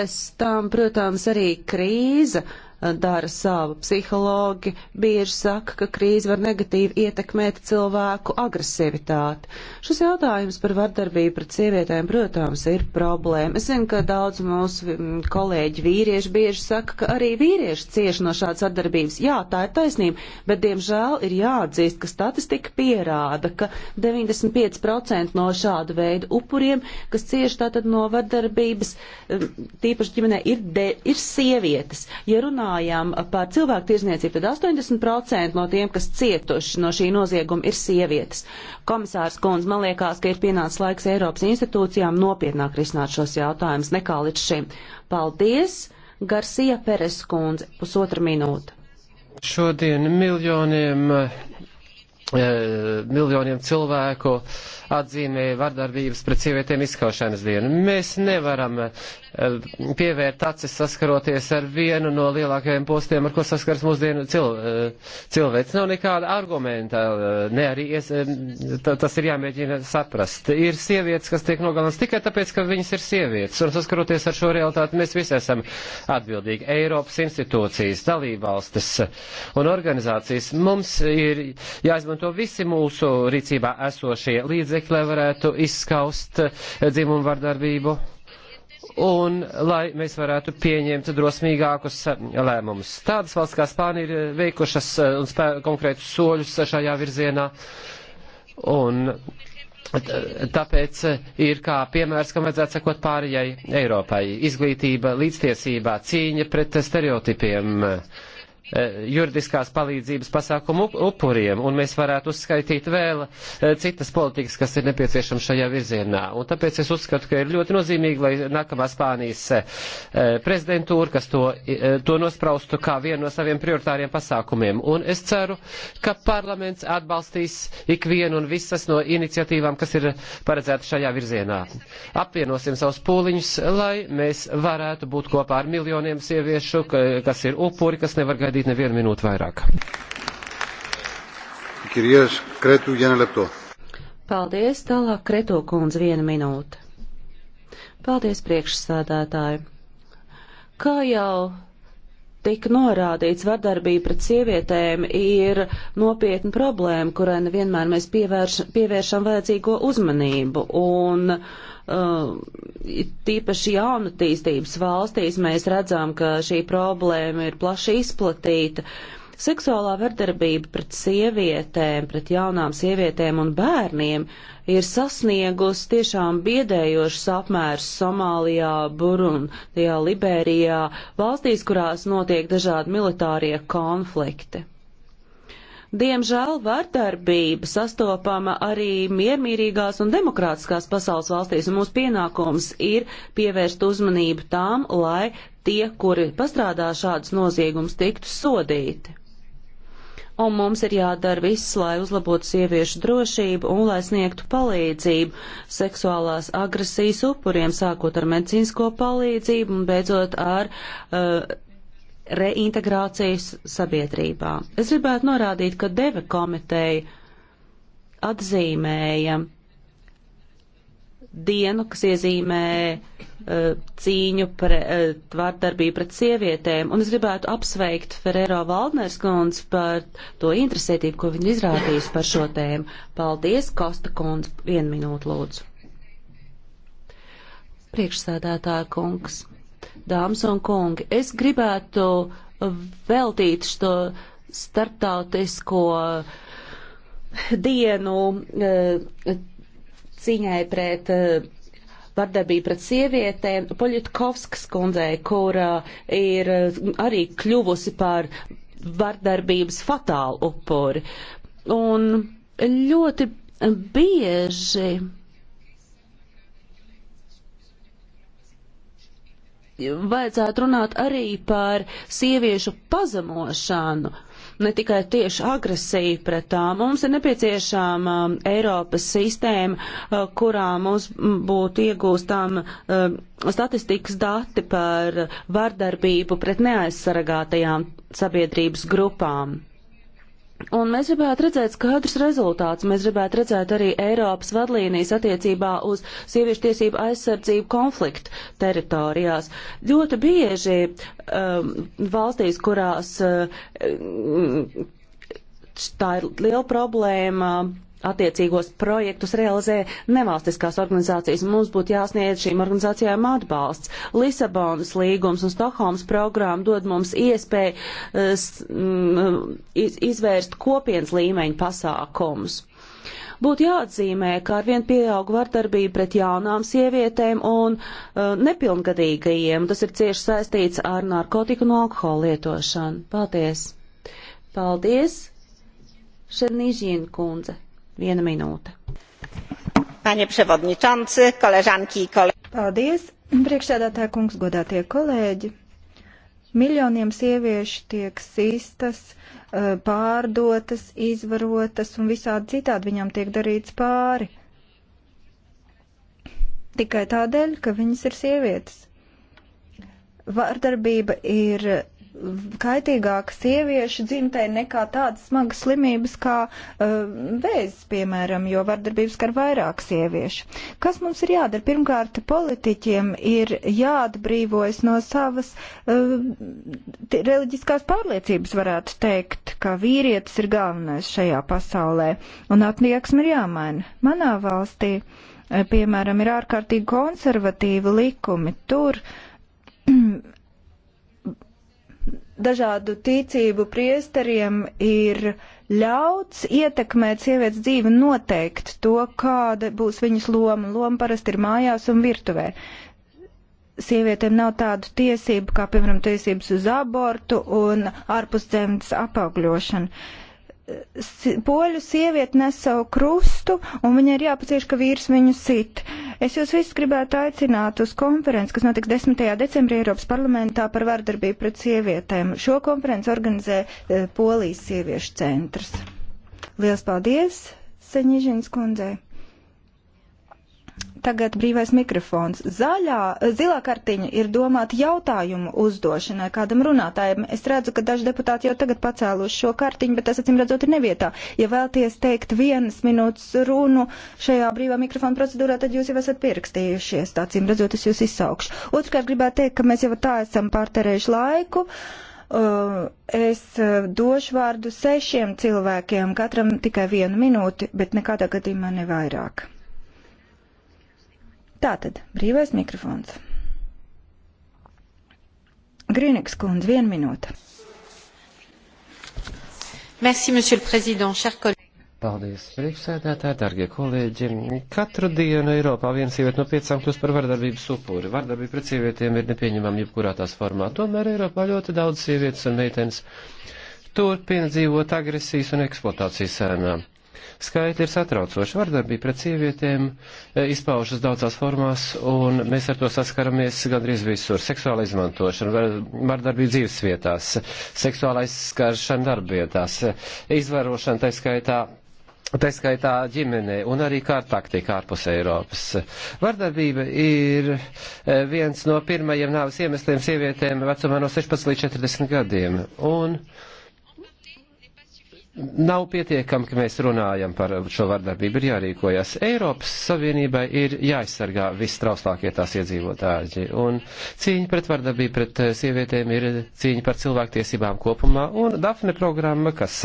Bez tam, protams, arī krīze dara savu. Psihologi bieži saka, ka krīze var negatīvi ietekmēt cilvēku agresivitāti. Šis jautājums par vardarbību pret sievietēm, protams, ir problēma. Es zinu, ka daudz mūsu mm, kolēģi vīrieši bieži saka, ka arī vīrieši cieši no šādas vardarbības. Jā, tā ir taisnība, bet diemžēl ir jāatzīst, ka statistika pierāda, ka 95% no šāda veida upuriem, kas cieši tātad no vardarbības, mm, tīpaši ģimenē, ir, de, ir sievietes. Ja runā runājam par cilvēku tirzniecību, tad 80% no tiem, kas cietuši no šī nozieguma, ir sievietes. Komisārs Kunz, man liekas, ka ir pienācis laiks Eiropas institūcijām nopietnāk risināt šos jautājumus nekā līdz šim. Paldies! Garcia Peres Kunze, pusotra minūte. Šodien miljoniem, eh, miljoniem cilvēku atzīmē vardarbības pret sievietēm izskaušanas dienu. Mēs nevaram eh, pievērt acis saskaroties ar vienu no lielākajiem postiem, ar ko saskars mūsdienu cil, eh, cilvēks. Nav nekāda argumenta, eh, ne arī es, tas ir jāmēģina saprast. Ir sievietes, kas tiek nogalināts tikai tāpēc, ka viņas ir sievietes, un saskaroties ar šo realitāti mēs visi esam atbildīgi. Eiropas institūcijas, dalībvalstis un organizācijas. Mums ir jāizmanto visi mūsu rīcībā esošie līdzekļi veikt, lai varētu izskaust eh, dzimumu vardarbību un lai mēs varētu pieņemt drosmīgākus eh, lēmumus. Tādas valsts kā Spānija ir eh, veikušas un spēr, konkrētus soļus šajā virzienā. Un Tāpēc ir kā piemērs, kam vajadzētu sekot pārējai Eiropai. Izglītība, līdztiesībā, cīņa pret stereotipiem. Uh, Eh, juridiskās palīdzības pasākumu upuriem, un mēs varētu uzskaitīt vēl eh, citas politikas, kas ir nepieciešamas šajā virzienā. Un tāpēc es uzskatu, ka ir ļoti nozīmīgi, lai nākamā Spānijas eh, prezidentūra, kas to, to nospraustu kā vienu no saviem prioritāriem pasākumiem. Un es ceru, ka parlaments atbalstīs ikvienu un visas no iniciatīvām, kas ir paredzētas šajā virzienā. Apvienosim savus pūliņus, lai mēs varētu būt kopā ar miljoniem sieviešu, kas ir upuri, kas nevar gaidīt darīt nevienu minūtu vairāk. Kirijas Kretu, viena lepto. Paldies, tālāk Kreto kundze, viena minūte. Paldies, priekšsādātāji. Kā jau tika norādīts, vardarbība pret sievietēm ir nopietna problēma, kurai nevienmēr mēs pievērš, pievēršam vajadzīgo uzmanību. Un, uh, Tīpaši jaunatīstības valstīs mēs redzam, ka šī problēma ir plaši izplatīta. Uh, Seksuālā vardarbība pret sievietēm, pret jaunām sievietēm un bērniem ir sasniegusi tiešām biedējošas apmērs Somālijā, Burundijā, Liberijā, valstīs, kurās notiek dažādi militārie konflikti. Diemžēl vardarbība sastopama arī miermīrīgās un demokrātiskās pasaules valstīs, un mūsu pienākums ir pievērst uzmanību tām, lai tie, kuri pastrādā šādas noziegums, tiktu sodīti un mums ir jādara viss, lai uzlabotu sieviešu drošību un lai sniegtu palīdzību seksuālās agresijas upuriem, sākot ar medicīnisko palīdzību un beidzot ar uh, reintegrācijas sabiedrībā. Es gribētu norādīt, ka Deve komiteja atzīmēja dienu, kas iezīmē uh, cīņu par uh, eh, vārdarbību pret sievietēm, un es gribētu apsveikt Ferrero Valdners kundz par to interesētību, ko viņa izrādījis par šo tēmu. Paldies, Kosta kundz, vienu minūtu lūdzu. Priekšsēdētāja kungs, dāmas un kungi, es gribētu veltīt šo starptautisko dienu. Uh, cīņai pret eh, vardarbību pret sievietēm, Poļitkovskas kundzei, kur eh, ir eh, arī kļuvusi par vardarbības fatālu upuri. Un ļoti bieži vajadzētu runāt arī par sieviešu pazemošanu. Uh, ne tikai tieši agresiju pret tām. Mums ir nepieciešama um, Eiropas sistēma, uh, kurā mums būtu iegūstām uh, statistikas dati par vardarbību pret neaizsargātajām sabiedrības grupām. Un mēs gribētu redzēt skaidrus rezultātus. Mēs gribētu redzēt arī Eiropas vadlīnijas attiecībā uz sieviešu tiesību aizsardzību konfliktu teritorijās. Ļoti bieži um, valstīs, kurās uh, tā ir liela problēma, attiecīgos projektus realizē nevalstiskās organizācijas, un mums būtu jāsniedz šīm organizācijām atbalsts. Lisabonas līgums un Stokholmas programma dod mums iespēju uh, izvērst kopienas līmeņa pasākumus. Būtu jāatzīmē, ka arvien pieaug vardarbība pret jaunām sievietēm un uh, nepilngadīgajiem. Tas ir cieši saistīts ar narkotiku un alkoholu lietošanu. Paldies! Paldies! Šernīžīna kundze! Viena minūte. Panie przewodniczący, koleżanki i kolēģi. Paldies, priekšsēdētāja kungs, godātie kolēģi. Miljoniem sieviešu tiek sistas, eh, pārdotas, izvarotas un visādi citādi viņām tiek darīts pāri. Tikai tādēļ, ka viņas ir sievietes. Vārdarbība ir kaitīgāka sieviešu dzimtai nekā tādas smagas slimības kā uh, vēzis, piemēram, jo vardarbības skar vairāk sieviešu. Kas mums ir jādara? Pirmkārt, politiķiem ir jāatbrīvojas no savas uh, reliģiskās pārliecības, varētu teikt, ka vīrietis ir galvenais šajā pasaulē, un attieksme ir jāmaina. Manā valstī, uh, piemēram, ir ārkārtīgi konservatīvi likumi. Tur mm, dažādu ticību priesteriem ir ļauts ietekmēt sievietes dzīvi noteikt to, kāda būs viņas loma. Loma parasti ir mājās un virtuvē. Sievietēm nav tādu tiesību, kā piemēram tiesības uz abortu un ārpusdzemdas apaugļošanu poļu sieviete nes savu krustu, un viņai ir jāpacieš, ka vīrs viņu sit. Es jūs visus gribētu aicināt uz konferenci, kas notiks 10. decembrī Eiropas parlamentā par vardarbību pret sievietēm. Šo konferenci organizē e, Polijas sieviešu centrs. Lielas paldies, Seņižins kundzei! Tagad brīvais mikrofons. Zaļā, zilā kartiņa ir domāta jautājumu uzdošanai kādam runātājam. Es redzu, ka daži deputāti jau tagad pacēluši šo kartiņu, bet tas, acīm redzot, ir nevietā. Ja vēlties teikt vienas minūtes runu šajā brīvā mikrofona procedūrā, tad jūs jau esat pierakstījušies. Tā, acīm redzot, es jūs izsaukšu. Otrkārt gribētu teikt, ka mēs jau tā esam pārterējuši laiku. Uh, es uh, došu vārdu sešiem cilvēkiem, katram tikai vienu minūti, bet nekādā gadījumā nevairāk. Tātad brīvais mikrofons. Grīniks kundze, viena minūte. Merci, monsieur le président, chers collègues. Paldies, priekšsēdētāji, darbie kolēģi. Katru dienu Eiropā viena sieviete no piecām kļūst par vardarbības upuri. Vardarbība pret sievietēm ir nepieņemama jebkurā tās formā. Tomēr Eiropā ļoti daudz sievietes un meitenes turpina dzīvot agresijas un eksploatācijas sēnām. Skaitļi ir satraucoši. Vardarbība pret sievietēm eh, izpaužas daudzās formās, un mēs ar to saskaramies gandrīz visur. Seksuāla izmantošana, vardarbība dzīves vietās, seksuālais skaršana darbvietās, izvarošana tā skaitā Tā skaitā ģimenē un arī kārtaktika ārpus Eiropas. Vardarbība ir eh, viens no pirmajiem nāves iemesliem sievietēm vecumā no 16 līdz 40 gadiem. Un nav pietiekami, ka mēs runājam par šo vardarbību, ir jārīkojas. Eiropas Savienībai ir jāaizsargā visstrauslākie tās iedzīvotāji, un cīņa pret vardarbību pret eh, sievietēm ir cīņa par cilvēktiesībām kopumā, un Dafne programma, kas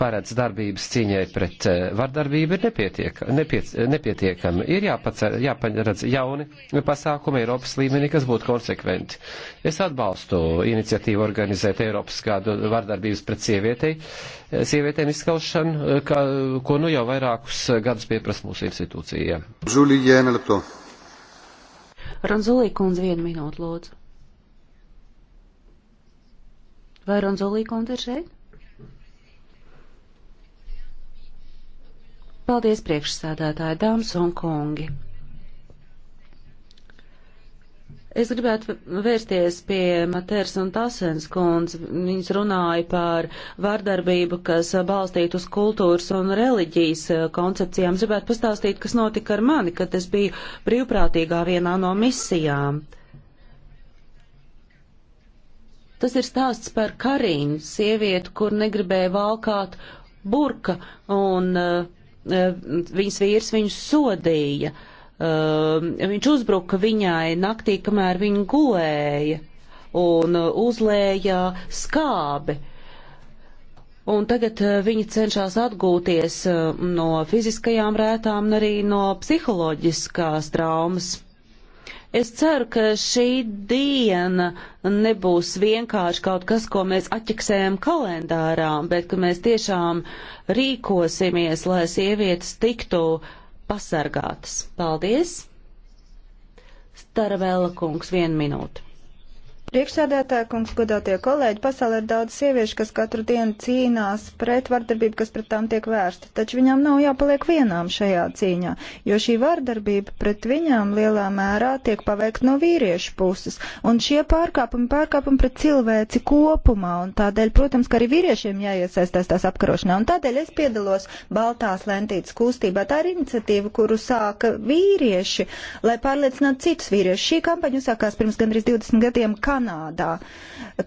paredz darbības cīņai pret eh, vardarbību, ir nepietiek, nepiet, nepietiekama. Ir jāpacer, jāparedz jauni pasākumi Eiropas līmenī, kas būtu konsekventi. Es atbalstu iniciatīvu organizēt Eiropas kādu vardarbības pret sievietei sievietēm izskaušanu, ka, ko nu jau vairākus gadus pieprasa mūsu institūcija. Ronzulī kundze, vienu minūtu lūdzu. Vai Ronzulī kundze ir šeit? Paldies priekšsādātāji, dāmas un kungi! Es gribētu vērsties pie Matērs un Tasens kundz. Viņas runāja par vardarbību, kas balstīt uz kultūras un reliģijas eh, koncepcijām. Es gribētu pastāstīt, kas notika ar mani, kad es biju brīvprātīgā vienā no misijām. Tas ir stāsts par Karīnu, sievieti, kur negribēja valkāt burka, un uh, viņas vīrs viņu sodīja. Uh, Um, viņš uzbruka viņai naktī, kamēr viņa gulēja un uh, uzlēja skābi. Un tagad uh, viņa cenšas atgūties uh, no fiziskajām rētām un arī no psiholoģiskās traumas. Es ceru, ka šī diena nebūs vienkārši kaut kas, ko mēs atķeksējam kalendārā, bet ka mēs tiešām rīkosimies, lai sievietes tiktu uh, pasargātas. Paldies! Starvēla kungs, vienu minūti. Priekšsēdētāja kungs, godātie kolēģi, pasaulē ir daudz sieviešu, kas katru dienu cīnās pret vardarbību, kas pret tām tiek vērsta, taču viņām nav jāpaliek vienām šajā cīņā, jo šī vardarbība pret viņām lielā mērā tiek paveikta no vīriešu puses, un šie pārkāpumi pārkāpumi pret cilvēci kopumā, un tādēļ, protams, ka arī vīriešiem jāiesaistās tās apkarošanā, un tādēļ es piedalos Baltās lentītes kustībā. Tā ir iniciatīva, kuru sāka vīrieši, lai pārliecinātu citus vīriešus. Šī kampaņa uzsākās pirms gandrīz 20 gadiem. Kā Kanādā.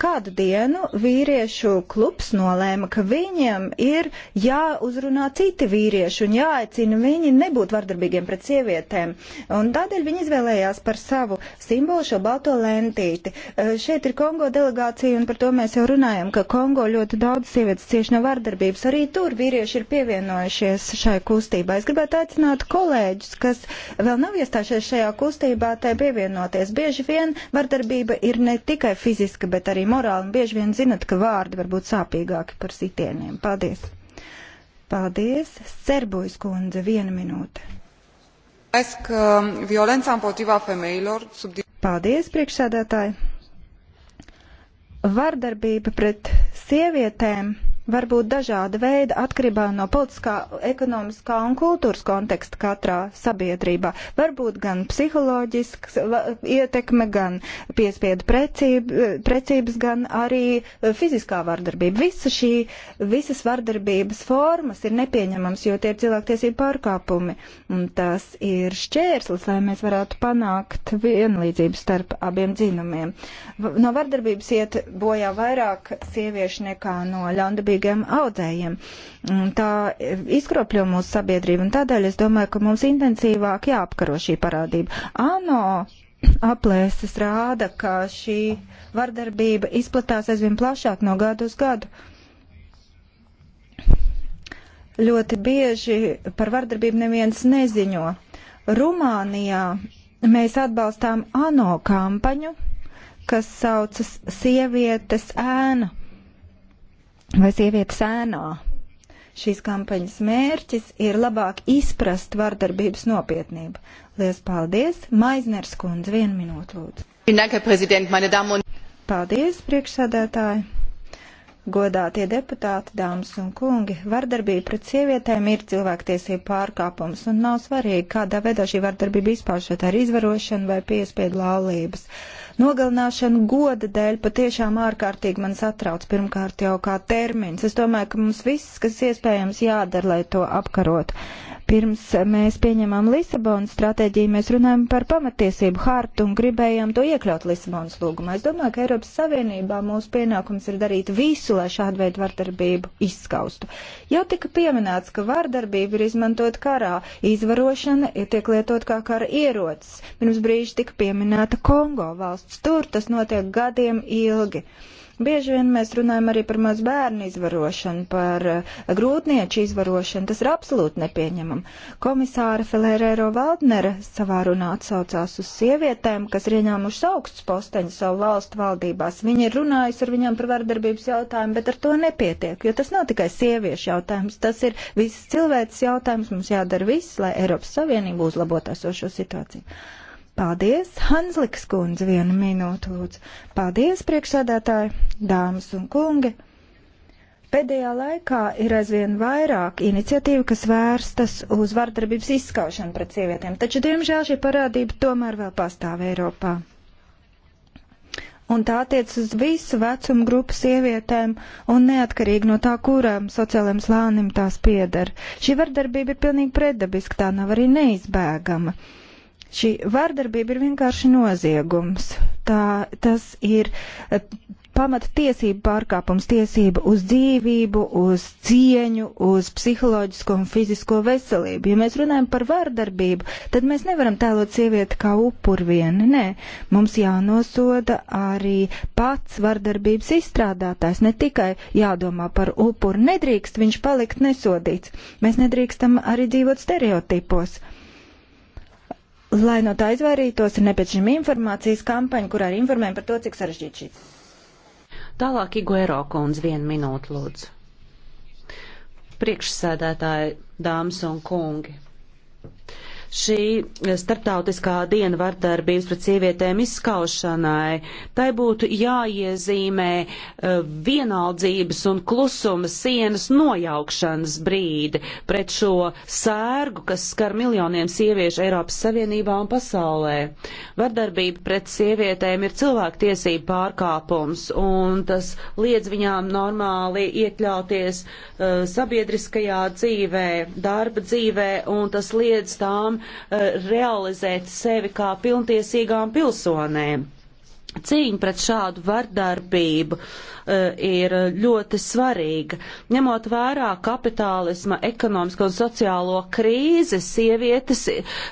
Kādu dienu vīriešu klubs nolēma, ka viņiem ir jāuzrunā citi vīrieši un jāaicina viņi nebūt vardarbīgiem pret sievietēm. Un tādēļ viņi izvēlējās par savu simbolu šo balto lentīti. E, šeit ir Kongo delegācija un par to mēs jau runājam, ka Kongo ļoti daudz sievietes cieši no vardarbības. Arī tur vīrieši ir pievienojušies šai kustībai. Es gribētu aicināt kolēģus, kas vēl nav iestājušies šajā kustībā, tai pievienoties. Bieži vien vardarbība ir ne tikai fiziska, bet arī morāla, un bieži vien zinat, ka vārdi var būt sāpīgāki par sitieniem. Paldies! Paldies! Serbojas kundze, viena minūte. Es, ka um, violența împotriva femeilor sub... Paldies, priekšsēdētāji! Vardarbība pret sievietēm var būt dažāda veida atkarībā no politiskā, ekonomiskā un kultūras konteksta katrā sabiedrībā. Varbūt gan psiholoģisks ietekme, gan piespiedu precība, precības, gan arī fiziskā vardarbība. Visa šī, visas vardarbības formas ir nepieņemams, jo tie ir cilvēktiesību pārkāpumi. Un tas ir šķērslis, lai mēs varētu panākt vienlīdzību starp abiem dzīvumiem. No vardarbības iet bojā vairāk sieviešu nekā no ļaundabības neveselīgiem audējiem. Tā izkropļo mūsu sabiedrību, un tādēļ es domāju, ka mums intensīvāk jāapkaro šī parādība. ANO aplēses rāda, ka šī vardarbība izplatās aizvien plašāk no gadu uz gadu ļoti bieži par vardarbību neviens neziņo. Rumānijā mēs atbalstām ANO kampaņu, kas saucas Sievietes ēna vai sieviete sēnā. Šīs kampaņas mērķis ir labāk izprast vardarbības nopietnību. Lielas paldies! Maizners kundze, vienu minūtu lūdzu. Paldies, priekšsādātāji! Godātie deputāti, dāmas un kungi, vardarbība pret sievietēm ir cilvēktiesība pārkāpums, un nav svarīgi, kādā veidā šī vardarbība izpaužot ar izvarošanu vai piespiedu laulības. Uh, Nogalināšana goda dēļ patiešām ārkārtīgi man satrauc pirmkārt jau kā termins. Es domāju, ka mums viss, kas iespējams jādara, lai to apkarotu. Pirms mēs pieņemam Lisabonas stratēģiju, mēs runājam par pamatiesību hartu un gribējām to iekļaut Lisabonas lūgumā. Es domāju, ka Eiropas Savienībā mūsu pienākums ir darīt visu, lai šādu veidu vardarbību izskaustu. Jau tika pieminēts, ka vardarbība ir izmantot karā, izvarošana ir tiek lietot kā kara ierocis. Pirms brīža tika pieminēta Kongo valsts. Tur tas notiek gadiem ilgi. Uh, Bieži vien mēs runājam arī par maz bērnu izvarošanu, par eh, grūtnieču izvarošanu. Tas ir absolūti nepieņemam. Komisāra Felērēro Valdnera savā runā atsaucās uz sievietēm, kas ir ieņēmušas augstus posteņus savu valstu valdībās. Viņa ir runājusi ar viņām par vardarbības jautājumu, bet ar to nepietiek, jo tas nav tikai sieviešu jautājums, tas ir viss cilvēks jautājums. Mums jādara viss, lai Eiropas Savienība uzlabotu esošo situāciju. Paldies, Hanslikas kundze, vienu minūtu lūdzu. Paldies, priekšsādātāji, dāmas un kungi. Pēdējā laikā ir aizvien vairāk iniciatīvu, kas vērstas uz vardarbības izskaušanu pret sievietēm, taču, diemžēl, šī parādība tomēr vēl pastāv Eiropā. Un tā attiec uz visu vecumu grupu sievietēm un neatkarīgi no tā, kuram sociālajam slānim tās pieder. Šī vardarbība ir pilnīgi predabiska, tā nav arī neizbēgama. Uh, Šī vardarbība ir vienkārši noziegums. Tā, tas ir eh, pamata tiesību pārkāpums, tiesība uz dzīvību, uz cieņu, uz psiholoģisko un fizisko veselību. Ja mēs runājam par vārdarbību, tad mēs nevaram tēlot sievieti kā upur vienu. Nē, mums jānosoda arī pats vārdarbības izstrādātājs. Ne tikai jādomā par upuru, nedrīkst viņš palikt nesodīts. Mēs nedrīkstam arī dzīvot stereotipos. Lai no tā izvairītos, ir nepieciešama informācijas kampaņa, kurā ir informējama par to, cik sarežģīta šī. Tālāk Iguero kundze vienu minūtu lūdzu. Priekšsēdētāji, dāmas un kungi šī starptautiskā diena vardarbības pret sievietēm izskaušanai, tai būtu jāiezīmē eh, vienaldzības un klusuma sienas nojaukšanas brīdi pret šo sērgu, kas skar miljoniem sieviešu Eiropas Savienībā un pasaulē. Vardarbība pret sievietēm ir cilvēktiesība pārkāpums, un tas liedz viņām normāli iekļauties uh, sabiedriskajā dzīvē, darba dzīvē, un tas liedz tām un uh, realizēt sevi kā pilntiesīgām pilsonēm. Cīņa pret šādu vardarbību uh, E, ir ļoti svarīga. Ņemot vērā kapitālisma, ekonomisko un sociālo krīzi, sievietes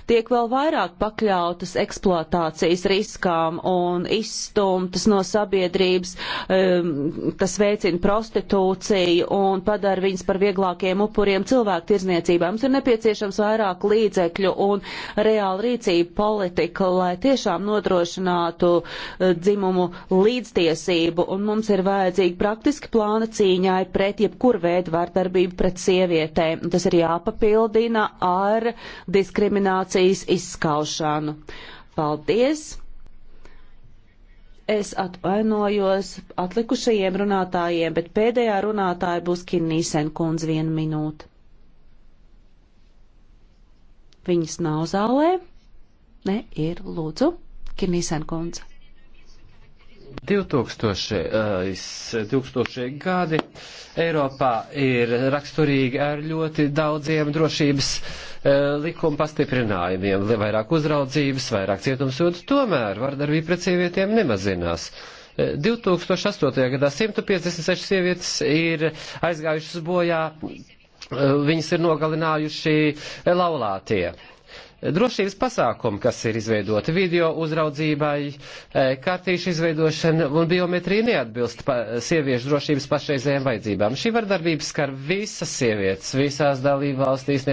tiek vēl vairāk pakļautas eksploatācijas riskām un izstumtas no sabiedrības. Tas e, veicina prostitūciju un padara viņas par vieglākiem upuriem cilvēku tirzniecībā. Mums ir nepieciešams vairāk līdzekļu un reāla rīcība politika, lai tiešām nodrošinātu e, dzimumu līdztiesību. Un mums ir vajadzīgs vajadzīgi praktiski plāni cīņai pret jebkuru veidu vārdarbību pret sievietēm. Tas ir jāpapildina ar diskriminācijas izskaušanu. Paldies! Es atvainojos atlikušajiem runātājiem, bet pēdējā runātāja būs Kinnīsen kundze vienu minūti. Viņas nav zālē? Ne, ir, lūdzu, Kinnīsen kundze. 2000, 2000 eh, gadi Eiropā ir raksturīgi ar ļoti daudziem drošības eh, likuma pastiprinājumiem, vairāk uzraudzības, vairāk cietumsodu, tomēr vardarbība pret sievietēm nemazinās. 2008. Eh, gadā 156 sievietes ir aizgājušas bojā, viņas ir nogalinājuši laulātie drošības pasākumi, kas ir izveidoti video uzraudzībai, e, kartīšu izveidošana un biometrija neatbilst sieviešu drošības pašreizējām vajadzībām. Šī vardarbība skar visas sievietes, visās dalībvalstīs,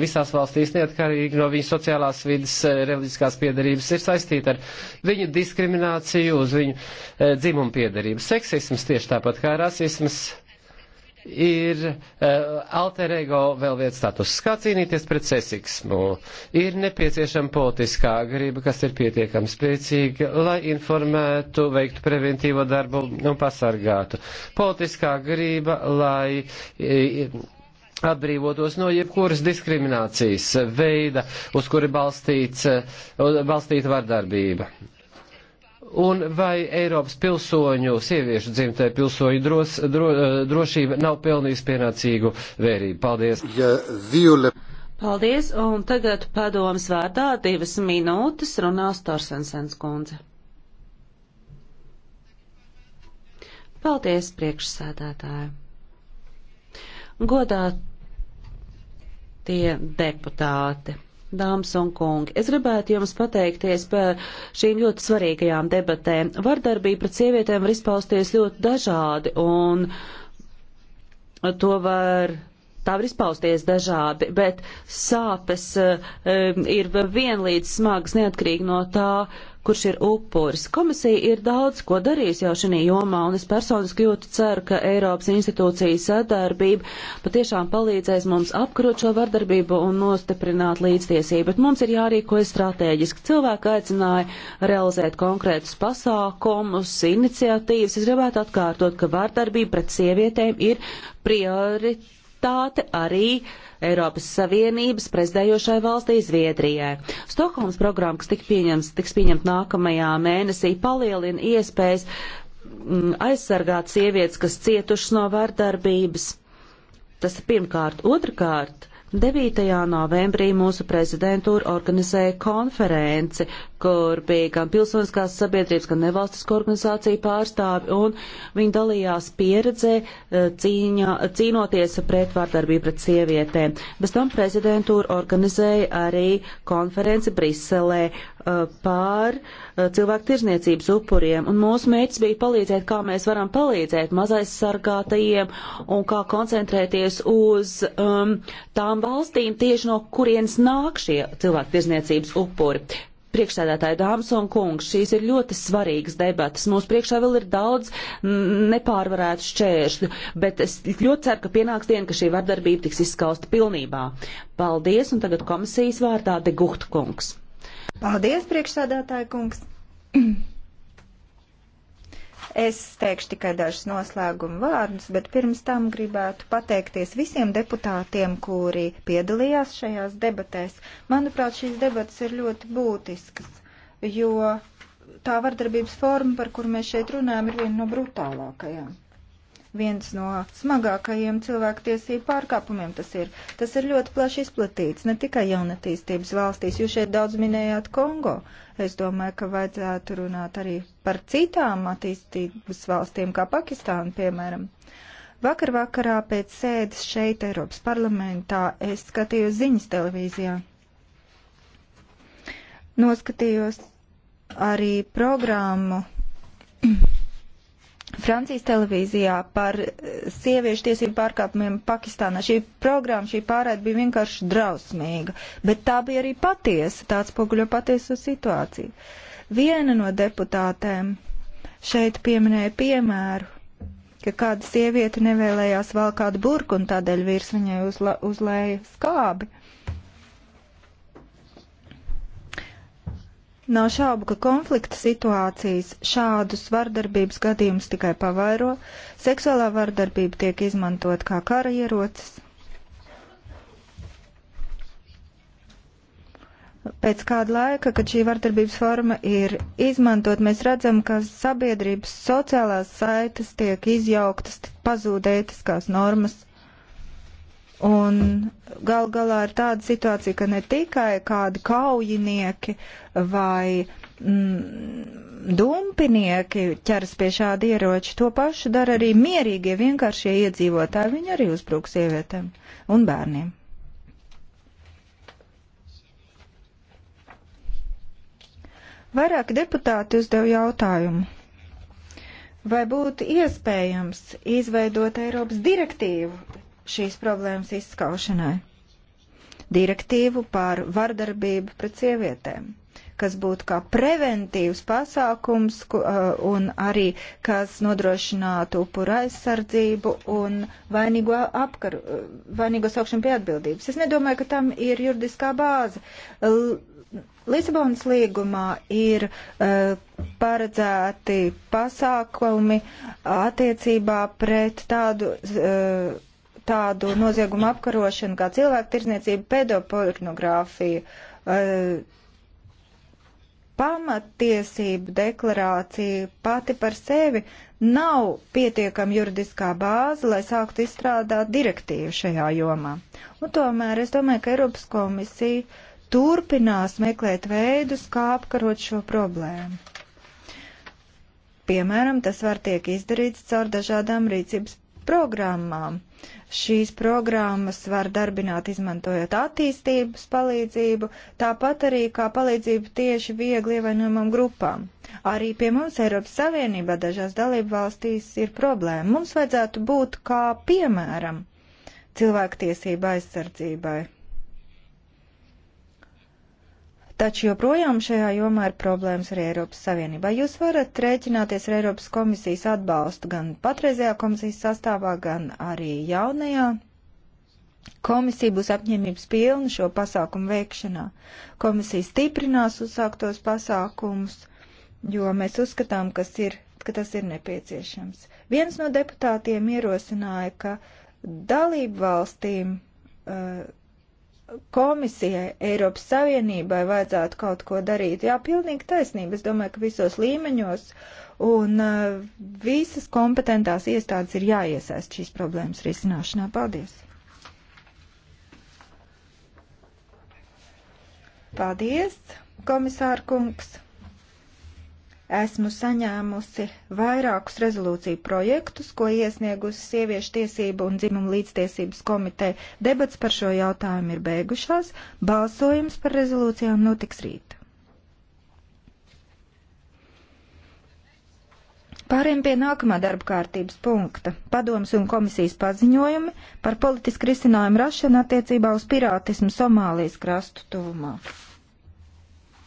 visās valstīs neatkarīgi no viņas sociālās vidas, e, reliģiskās piedarības ir saistīta ar viņu diskrimināciju uz viņu e, dzimumu piedarību. Seksisms tieši tāpat kā rasisms ir uh, alter ego vēl viens status. Kā cīnīties pret sesiksmu? Ir nepieciešama politiskā griba, kas ir pietiekami spēcīga, lai informētu, veiktu preventīvo darbu un pasargātu. Politiskā griba, lai. Uh, atbrīvotos no jebkuras diskriminācijas veida, uz kuri balstīts, eh, balstīta vardarbība. Un vai Eiropas pilsoņu, sieviešu dzimtai pilsoņu dros, dro, eh, drošība nav pelnījusi pienācīgu vērību? Paldies! Ja, viole... Paldies, un tagad padomas vārdā divas minūtes runās Torsensens kundze. Paldies, priekšsēdētāji! Godā tie deputāti! Dāmas un kungi, es gribētu jums pateikties par šīm ļoti svarīgajām debatēm. Vardarbība pret sievietēm var izpausties ļoti dažādi, un to var tā var izpausties dažādi, bet sāpes uh, ir vienlīdz smagas neatkarīgi no tā, kurš ir upuris. Komisija ir daudz ko darījusi jau šajā jomā, un es personiski ļoti ceru, ka Eiropas institūcijas sadarbība patiešām palīdzēs mums apkarot šo vardarbību un nostiprināt līdztiesību. Bet mums ir jārīkojas strateģiski. Cilvēki aicināja realizēt konkrētus pasākumus, iniciatīvas. Es gribētu atkārtot, ka vardarbība pret sievietēm ir prioritāte prioritāte arī Eiropas Savienības prezidējošai valstī Zviedrijai. Stokholmas programma, kas tik pieņems, tiks pieņemta nākamajā mēnesī, palielina iespējas m, mm, aizsargāt sievietes, kas cietušas no vardarbības. Tas ir pirmkārt. Otrakārt, 9. novembrī mūsu prezidentūra organizēja konferenci, kur bija gan pilsoniskās sabiedrības, gan nevalstisko organizāciju pārstāvi, un viņi dalījās pieredzē eh, cīņā, cīnoties pret vārdarbību pret sievietēm. Bez tam prezidentūra organizēja arī konferenci Briselē Eh, pār eh, cilvēku tirzniecības upuriem. Un mūsu mērķis bija palīdzēt, kā mēs varam palīdzēt mazaizsargātajiem un kā koncentrēties uz um, tām valstīm, tieši no kurienes nāk šie cilvēku tirzniecības upuri. Priekšsēdētāji dāmas un kungs, šīs ir ļoti svarīgas debatas. Mūsu priekšā vēl ir daudz nepārvarētu šķēršļu, bet es ļoti ceru, ka pienāks diena, ka šī vardarbība tiks izskausta pilnībā. Paldies, un tagad komisijas vārdā Deguht kungs. Paldies, priekšsādātāja kungs! Es teikšu tikai dažus noslēguma vārdus, bet pirms tam gribētu pateikties visiem deputātiem, kuri piedalījās šajās debatēs. Manuprāt, šīs debatas ir ļoti būtiskas, jo tā vardarbības forma, par kuru mēs šeit runājam, ir viena no brutālākajām viens no smagākajiem cilvēktiesību pārkāpumiem tas ir. Tas ir ļoti plaši izplatīts, ne tikai jaunatīstības valstīs. Jūs šeit daudz minējāt Kongo. Es domāju, ka vajadzētu runāt arī par citām attīstības valstīm, kā Pakistāna, piemēram. Vakar vakarā pēc sēdes šeit Eiropas parlamentā es skatījos ziņas televīzijā. Noskatījos arī programmu Francijas televīzijā par eh, sieviešu tiesību pārkāpumiem Pakistānā. Šī programma, šī pārēd bija vienkārši drausmīga, bet tā bija arī patiesa, tāds poguļo patieso situāciju. Viena no deputātēm šeit pieminēja piemēru, ka kāda sieviete nevēlējās valkāt burku un tādēļ vīrs viņai uzla uzlēja skābi. Nav šaubu, ka konflikta situācijas šādus vardarbības gadījumus tikai pavairo. Seksuālā vardarbība tiek izmantot kā kara ierocis. Pēc kāda laika, kad šī vardarbības forma ir izmantot, mēs redzam, ka sabiedrības sociālās saites tiek izjauktas, pazūd ētiskās normas Un gal galā ir tāda situācija, ka ne tikai kādi kaujinieki vai mm, dumpinieki ķeras pie šāda ieroča, to pašu dara arī mierīgie vienkāršie iedzīvotāji. Viņi arī uzbruk sievietēm un bērniem. Vairāki deputāti uzdev jautājumu. Vai būtu iespējams izveidot Eiropas direktīvu šīs problēmas izskaušanai. Direktīvu par vardarbību pret sievietēm, kas būtu kā preventīvs pasākums uh, un arī kas nodrošinātu upuru aizsardzību un vainīgo apkaru, uh, vainīgo saukšanu pie atbildības. Es nedomāju, ka tam ir juridiskā bāze. Lisabonas līgumā ir uh, paredzēti pasākumi attiecībā pret tādu uh, tādu noziegumu apkarošanu kā cilvēku tirzniecība, pedopornogrāfija. Eh, Pamattiesību deklarācija pati par sevi nav pietiekama juridiskā bāze, lai sāktu izstrādāt direktīvu šajā jomā. Un tomēr es domāju, ka Eiropas komisija turpinās meklēt veidus, kā apkarot šo problēmu. Piemēram, tas var tiek izdarīts caur dažādām rīcības programmām. Šīs programmas var darbināt izmantojot attīstības palīdzību, tāpat arī kā palīdzību tieši viegli ievainojumam grupām. Arī pie mums Eiropas Savienībā dažās dalību valstīs ir problēma. Mums vajadzētu būt kā piemēram cilvēktiesība aizsardzībai. Taču joprojām šajā jomā ir problēmas arī Eiropas Savienībā. Jūs varat rēķināties ar Eiropas komisijas atbalstu gan patreizajā komisijas sastāvā, gan arī jaunajā. Komisija būs apņēmības pilna šo pasākumu veikšanā. Komisija stiprinās uzsāktos pasākumus, jo mēs uzskatām, kas ir, ka tas ir nepieciešams. Viens no deputātiem ierosināja, ka dalību valstīm uh, komisijai, Eiropas Savienībai vajadzētu kaut ko darīt. Jā, pilnīgi taisnība. Es domāju, ka visos līmeņos un uh, visas kompetentās iestādes ir jāiesaist šīs problēmas risināšanā. Paldies! Paldies, komisāra kungs! esmu saņēmusi vairākus rezolūciju projektus, ko iesniegusi Sieviešu tiesību un dzimumu līdztiesības komiteja. Debats par šo jautājumu ir beigušās. Balsojums par rezolūcijām notiks rīt. Pāriem pie nākamā darba kārtības punkta - padomas un komisijas paziņojumi par politisku risinājumu rašanu attiecībā uz pirātismu Somālijas krastu tuvumā.